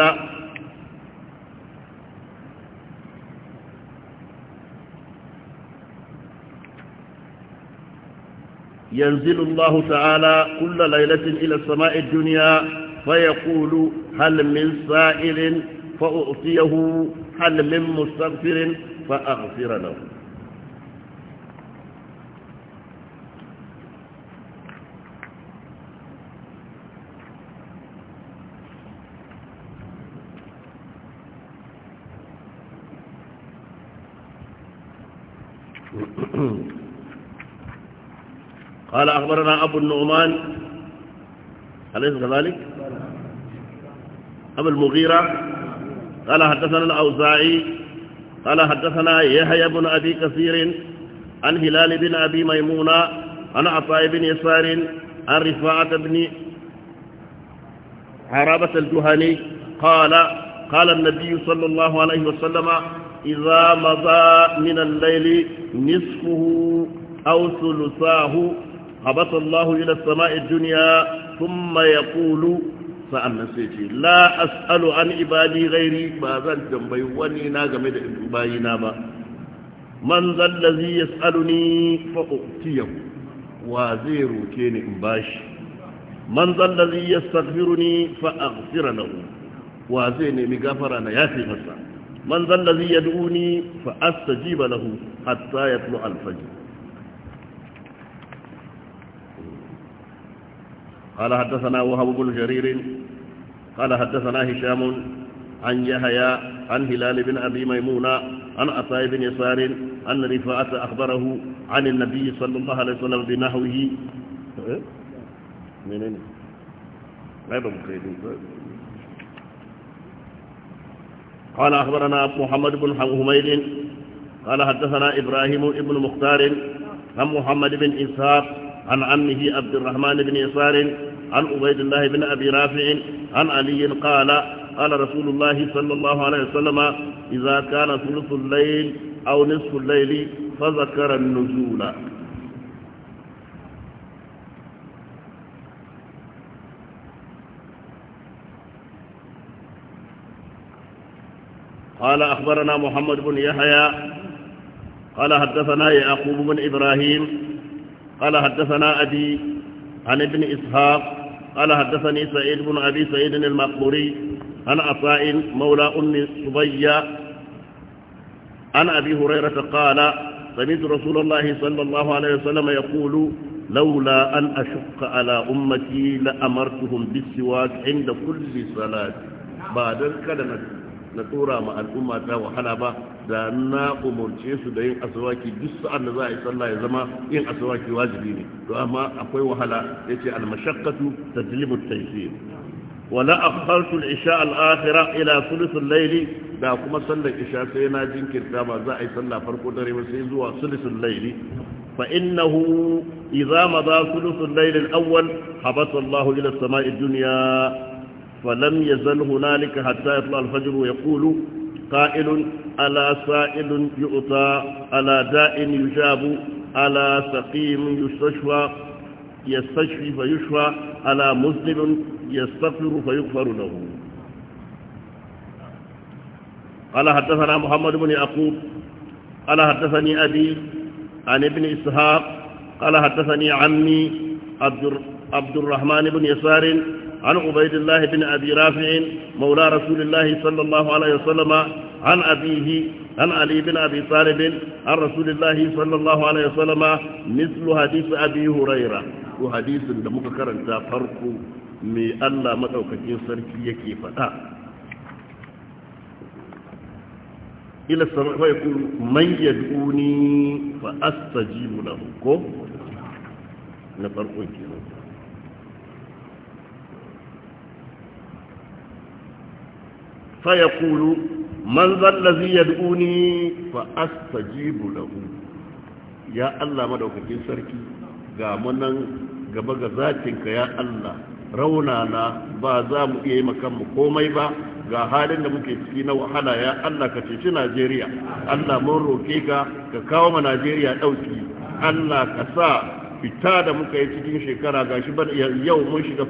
ينزل الله تعالى كل ليلة إلى السماء الدنيا فيقول هل من سائل فأعطيه هل من مستغفر فأغفر له قال أخبرنا أبو النعمان أليس كذلك أبو المغيرة قال حدثنا الأوزاعي قال حدثنا يحيى بن أبي كثير عن هلال بن أبي ميمونة عن عطاء بن يسار عن رفاعة بن عرابة الجهني قال قال النبي صلى الله عليه وسلم إذا مضى من الليل نصفه أو ثلثاه أبط الله إلى السماء الدنيا ثم يقول sa'annan sai ce la as'alu an ibadi ba zan tambayi wani game da bayina ba man zallazi yas'aluni fa u'tiyahu wa zai roke ni in bashi man zallazi yastaghfiruni fa aghfira lahu wa zai nemi gafara na yafi masa man zallazi fa hatta قال حدثنا وهب بن جرير قال حدثنا هشام عن يحيى عن هلال بن أبي ميمون عن عطاء بن يسار أن رفاعة أخبره عن النبي صلى الله عليه وسلم بنحوه منين قال أخبرنا محمد بن حميد قال حدثنا إبراهيم بن مختار عن محمد بن إسحاق عن عمه عبد الرحمن بن يسار عن عبيد الله بن أبي رافع عن علي قال قال رسول الله صلى الله عليه وسلم إذا كان ثلث الليل أو نصف الليل فذكر النزول قال أخبرنا محمد بن يحيى قال حدثنا يعقوب بن إبراهيم قال حدثنا أبي عن ابن إسحاق قال حدثني سعيد بن أبي سعيد المقبوري عن عطاء مولى أم صبية عن أبي هريرة قال سمعت رسول الله صلى الله عليه وسلم يقول لولا أن أشق على أمتي لأمرتهم بالسواك عند كل صلاة بعد الكلمة na tura ma al'umma ta wahala ba da na umarce su da yin asawaki duk sa'an da za a yi sallah ya zama yin asawaki wajibi ne to amma akwai wahala yace al-mashaqqatu tajlibu at-taysir wala akhartu al-isha al-akhira ila thuluth al-layl da kuma sallar isha sai na jinkirta ba za a yi sallah farko dare ba sai zuwa thuluth al-layl فإنه إذا مضى ثلث الليل الأول حبط الله إلى السماء الدنيا فلم يزل هنالك حتى يطلع الفجر ويقول قائل ألا سائل يؤتى ألا داء يجاب ألا سقيم يستشفى يستشفي فيشفى ألا مذنب يستغفر فيغفر له قال حدثنا محمد بن يعقوب قال حدثني أبي عن ابن إسحاق قال حدثني عمي عبد الرحمن بن يسار عن عبيد الله بن أبي رافع مولى رسول الله صلى الله عليه وسلم عن أبيه عن علي بن أبي طالب عن رسول الله صلى الله عليه وسلم مثل حديث أبي هريرة وحديث لمكرر فرق من ألا maɗaukakin جنسر yake فتا إلى السماء ويقول من يدعوني فأستجيب له كم نفرق na فيقول من ذا الذي يدعوني فأستجيب له يا الله ما دوكا gaba ga zakin ذاتك ya Allah raunana ba za mu iya yi makanmu komai ba ga halin da muke ciki na wahala ya Allah ka ceci Najeriya Allah mun roke ka ka kawo ma Najeriya ɗauki Allah ka sa fita da muka yi cikin shekara gashi yau mun shiga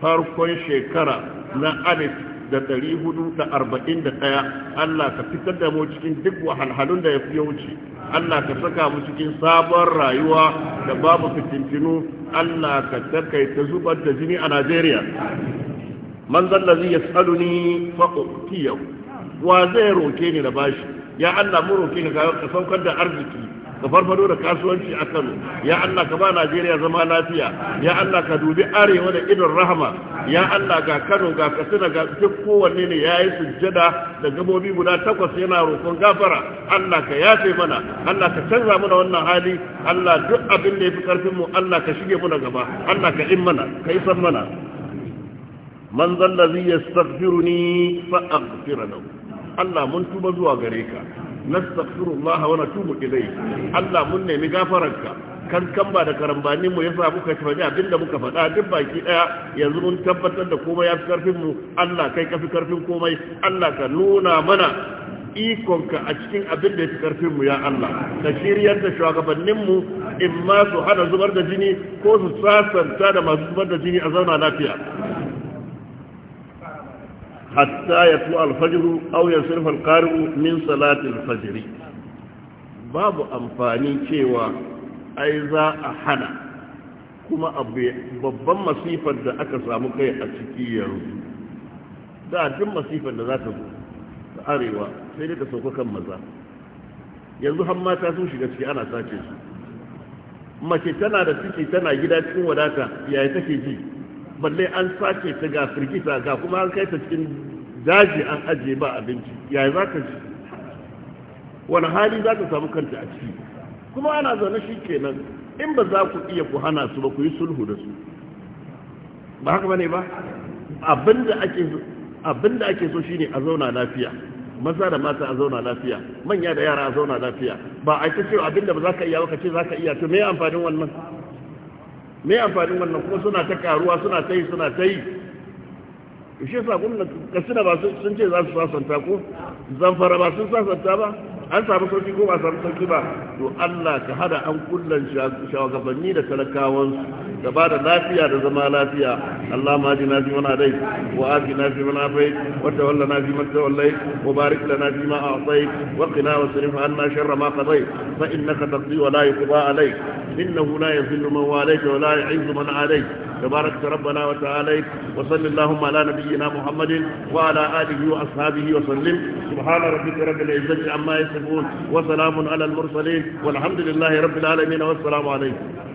farkon shekara na alif da ɗari hudu da arba'in da ɗaya Allah ka fitar da mu cikin duk wahalhalun da ya fi wuce Allah ka saka mu cikin sabon rayuwa da babu fitintinu Allah ka takaita zubar da jini a Najeriya man zallazi yas'aluni fa yau. wa zai roke ni da bashi ya Allah mu roke ka ka saukar da arziki ka farfado da kasuwanci a Kano ya Allah ka ba Najeriya zama lafiya ya Allah ka dubi arewa da idon rahama ya Allah ga Kano ga Katsina ga duk kowanne ne yi sujjada da gabobi guda takwas yana roƙon gafara Allah ka yafe mana Allah ka canza mana wannan hali Allah duk abin da yafi karfin mu Allah ka shige mu gaba Allah ka in mana ka yi san mana man zan ya stagfiruni fa'a Allah mun tuba zuwa gare ka nastaghfirullah wa natubu ilayhi Allah mun nemi gafararka kan kan ba da karambani mu yasa muka abin abinda muka faɗa duk baki ɗaya yanzu mun tabbatar da komai yafi karfin mu Allah kai kafi karfin komai Allah ka nuna mana ka a cikin abin da ya fi mu ya Allah ka shiryar da shugabanninmu in ma su hana zubar da jini ko su sasanta da masu zubar da jini a zauna lafiya hatta ya tu alfajiru au ya sirfa alƙaru min salatin fajiri babu amfani cewa ai za a hana kuma babban masifar da aka samu kai a ciki yanzu da duk masifar da za ta zo ta arewa sai dai ta sauka kan maza yanzu har mata sun shiga ciki ana sace su mace tana da ciki tana gida cikin wadata yaya take ji balle an sace ta ga firgita ga kuma an kai ta cikin daji an ajiye ba abinci yaya za ka ji wani hali za ka samu kanta a ciki kuma ana zaune shi kenan in ba za ku iya ku hana su ba ku yi sulhu da su ba haka ba ne ba abinda ake so shi ne a zauna lafiya maza da mata a zauna lafiya manya da yara a zauna lafiya ba a ita cewa abinda ba za ka iya ba ka ce za ka iya to me amfanin wannan Mai amfanin wannan kuma suna ta karuwa suna ta yi suna ta yi shi yasa gwamnati kasina ba sun ce za su sasanta ko zamfara ba sun sasanta ba an samu sauki ko ba samu sauki ba to Allah ka hada an kullan shawagabanni da talakawan da ba da lafiya da zama lafiya Allah ma ji nafi mana dai wa afi nafi mana fai wa tawalla nafi mata wallai, wa barik lana fi ma a a'tai wa qina wa sarif anna sharra ma qadai fa innaka taqdi wa la yuqda alayk إنه لا يذل من واليت ولا يعز من عليك تبارك ربنا وتعالى وصل اللهم على نبينا محمد وعلى آله وأصحابه وسلم سبحان ربك رب العزة عما يصفون وسلام على المرسلين والحمد لله رب العالمين والسلام عليكم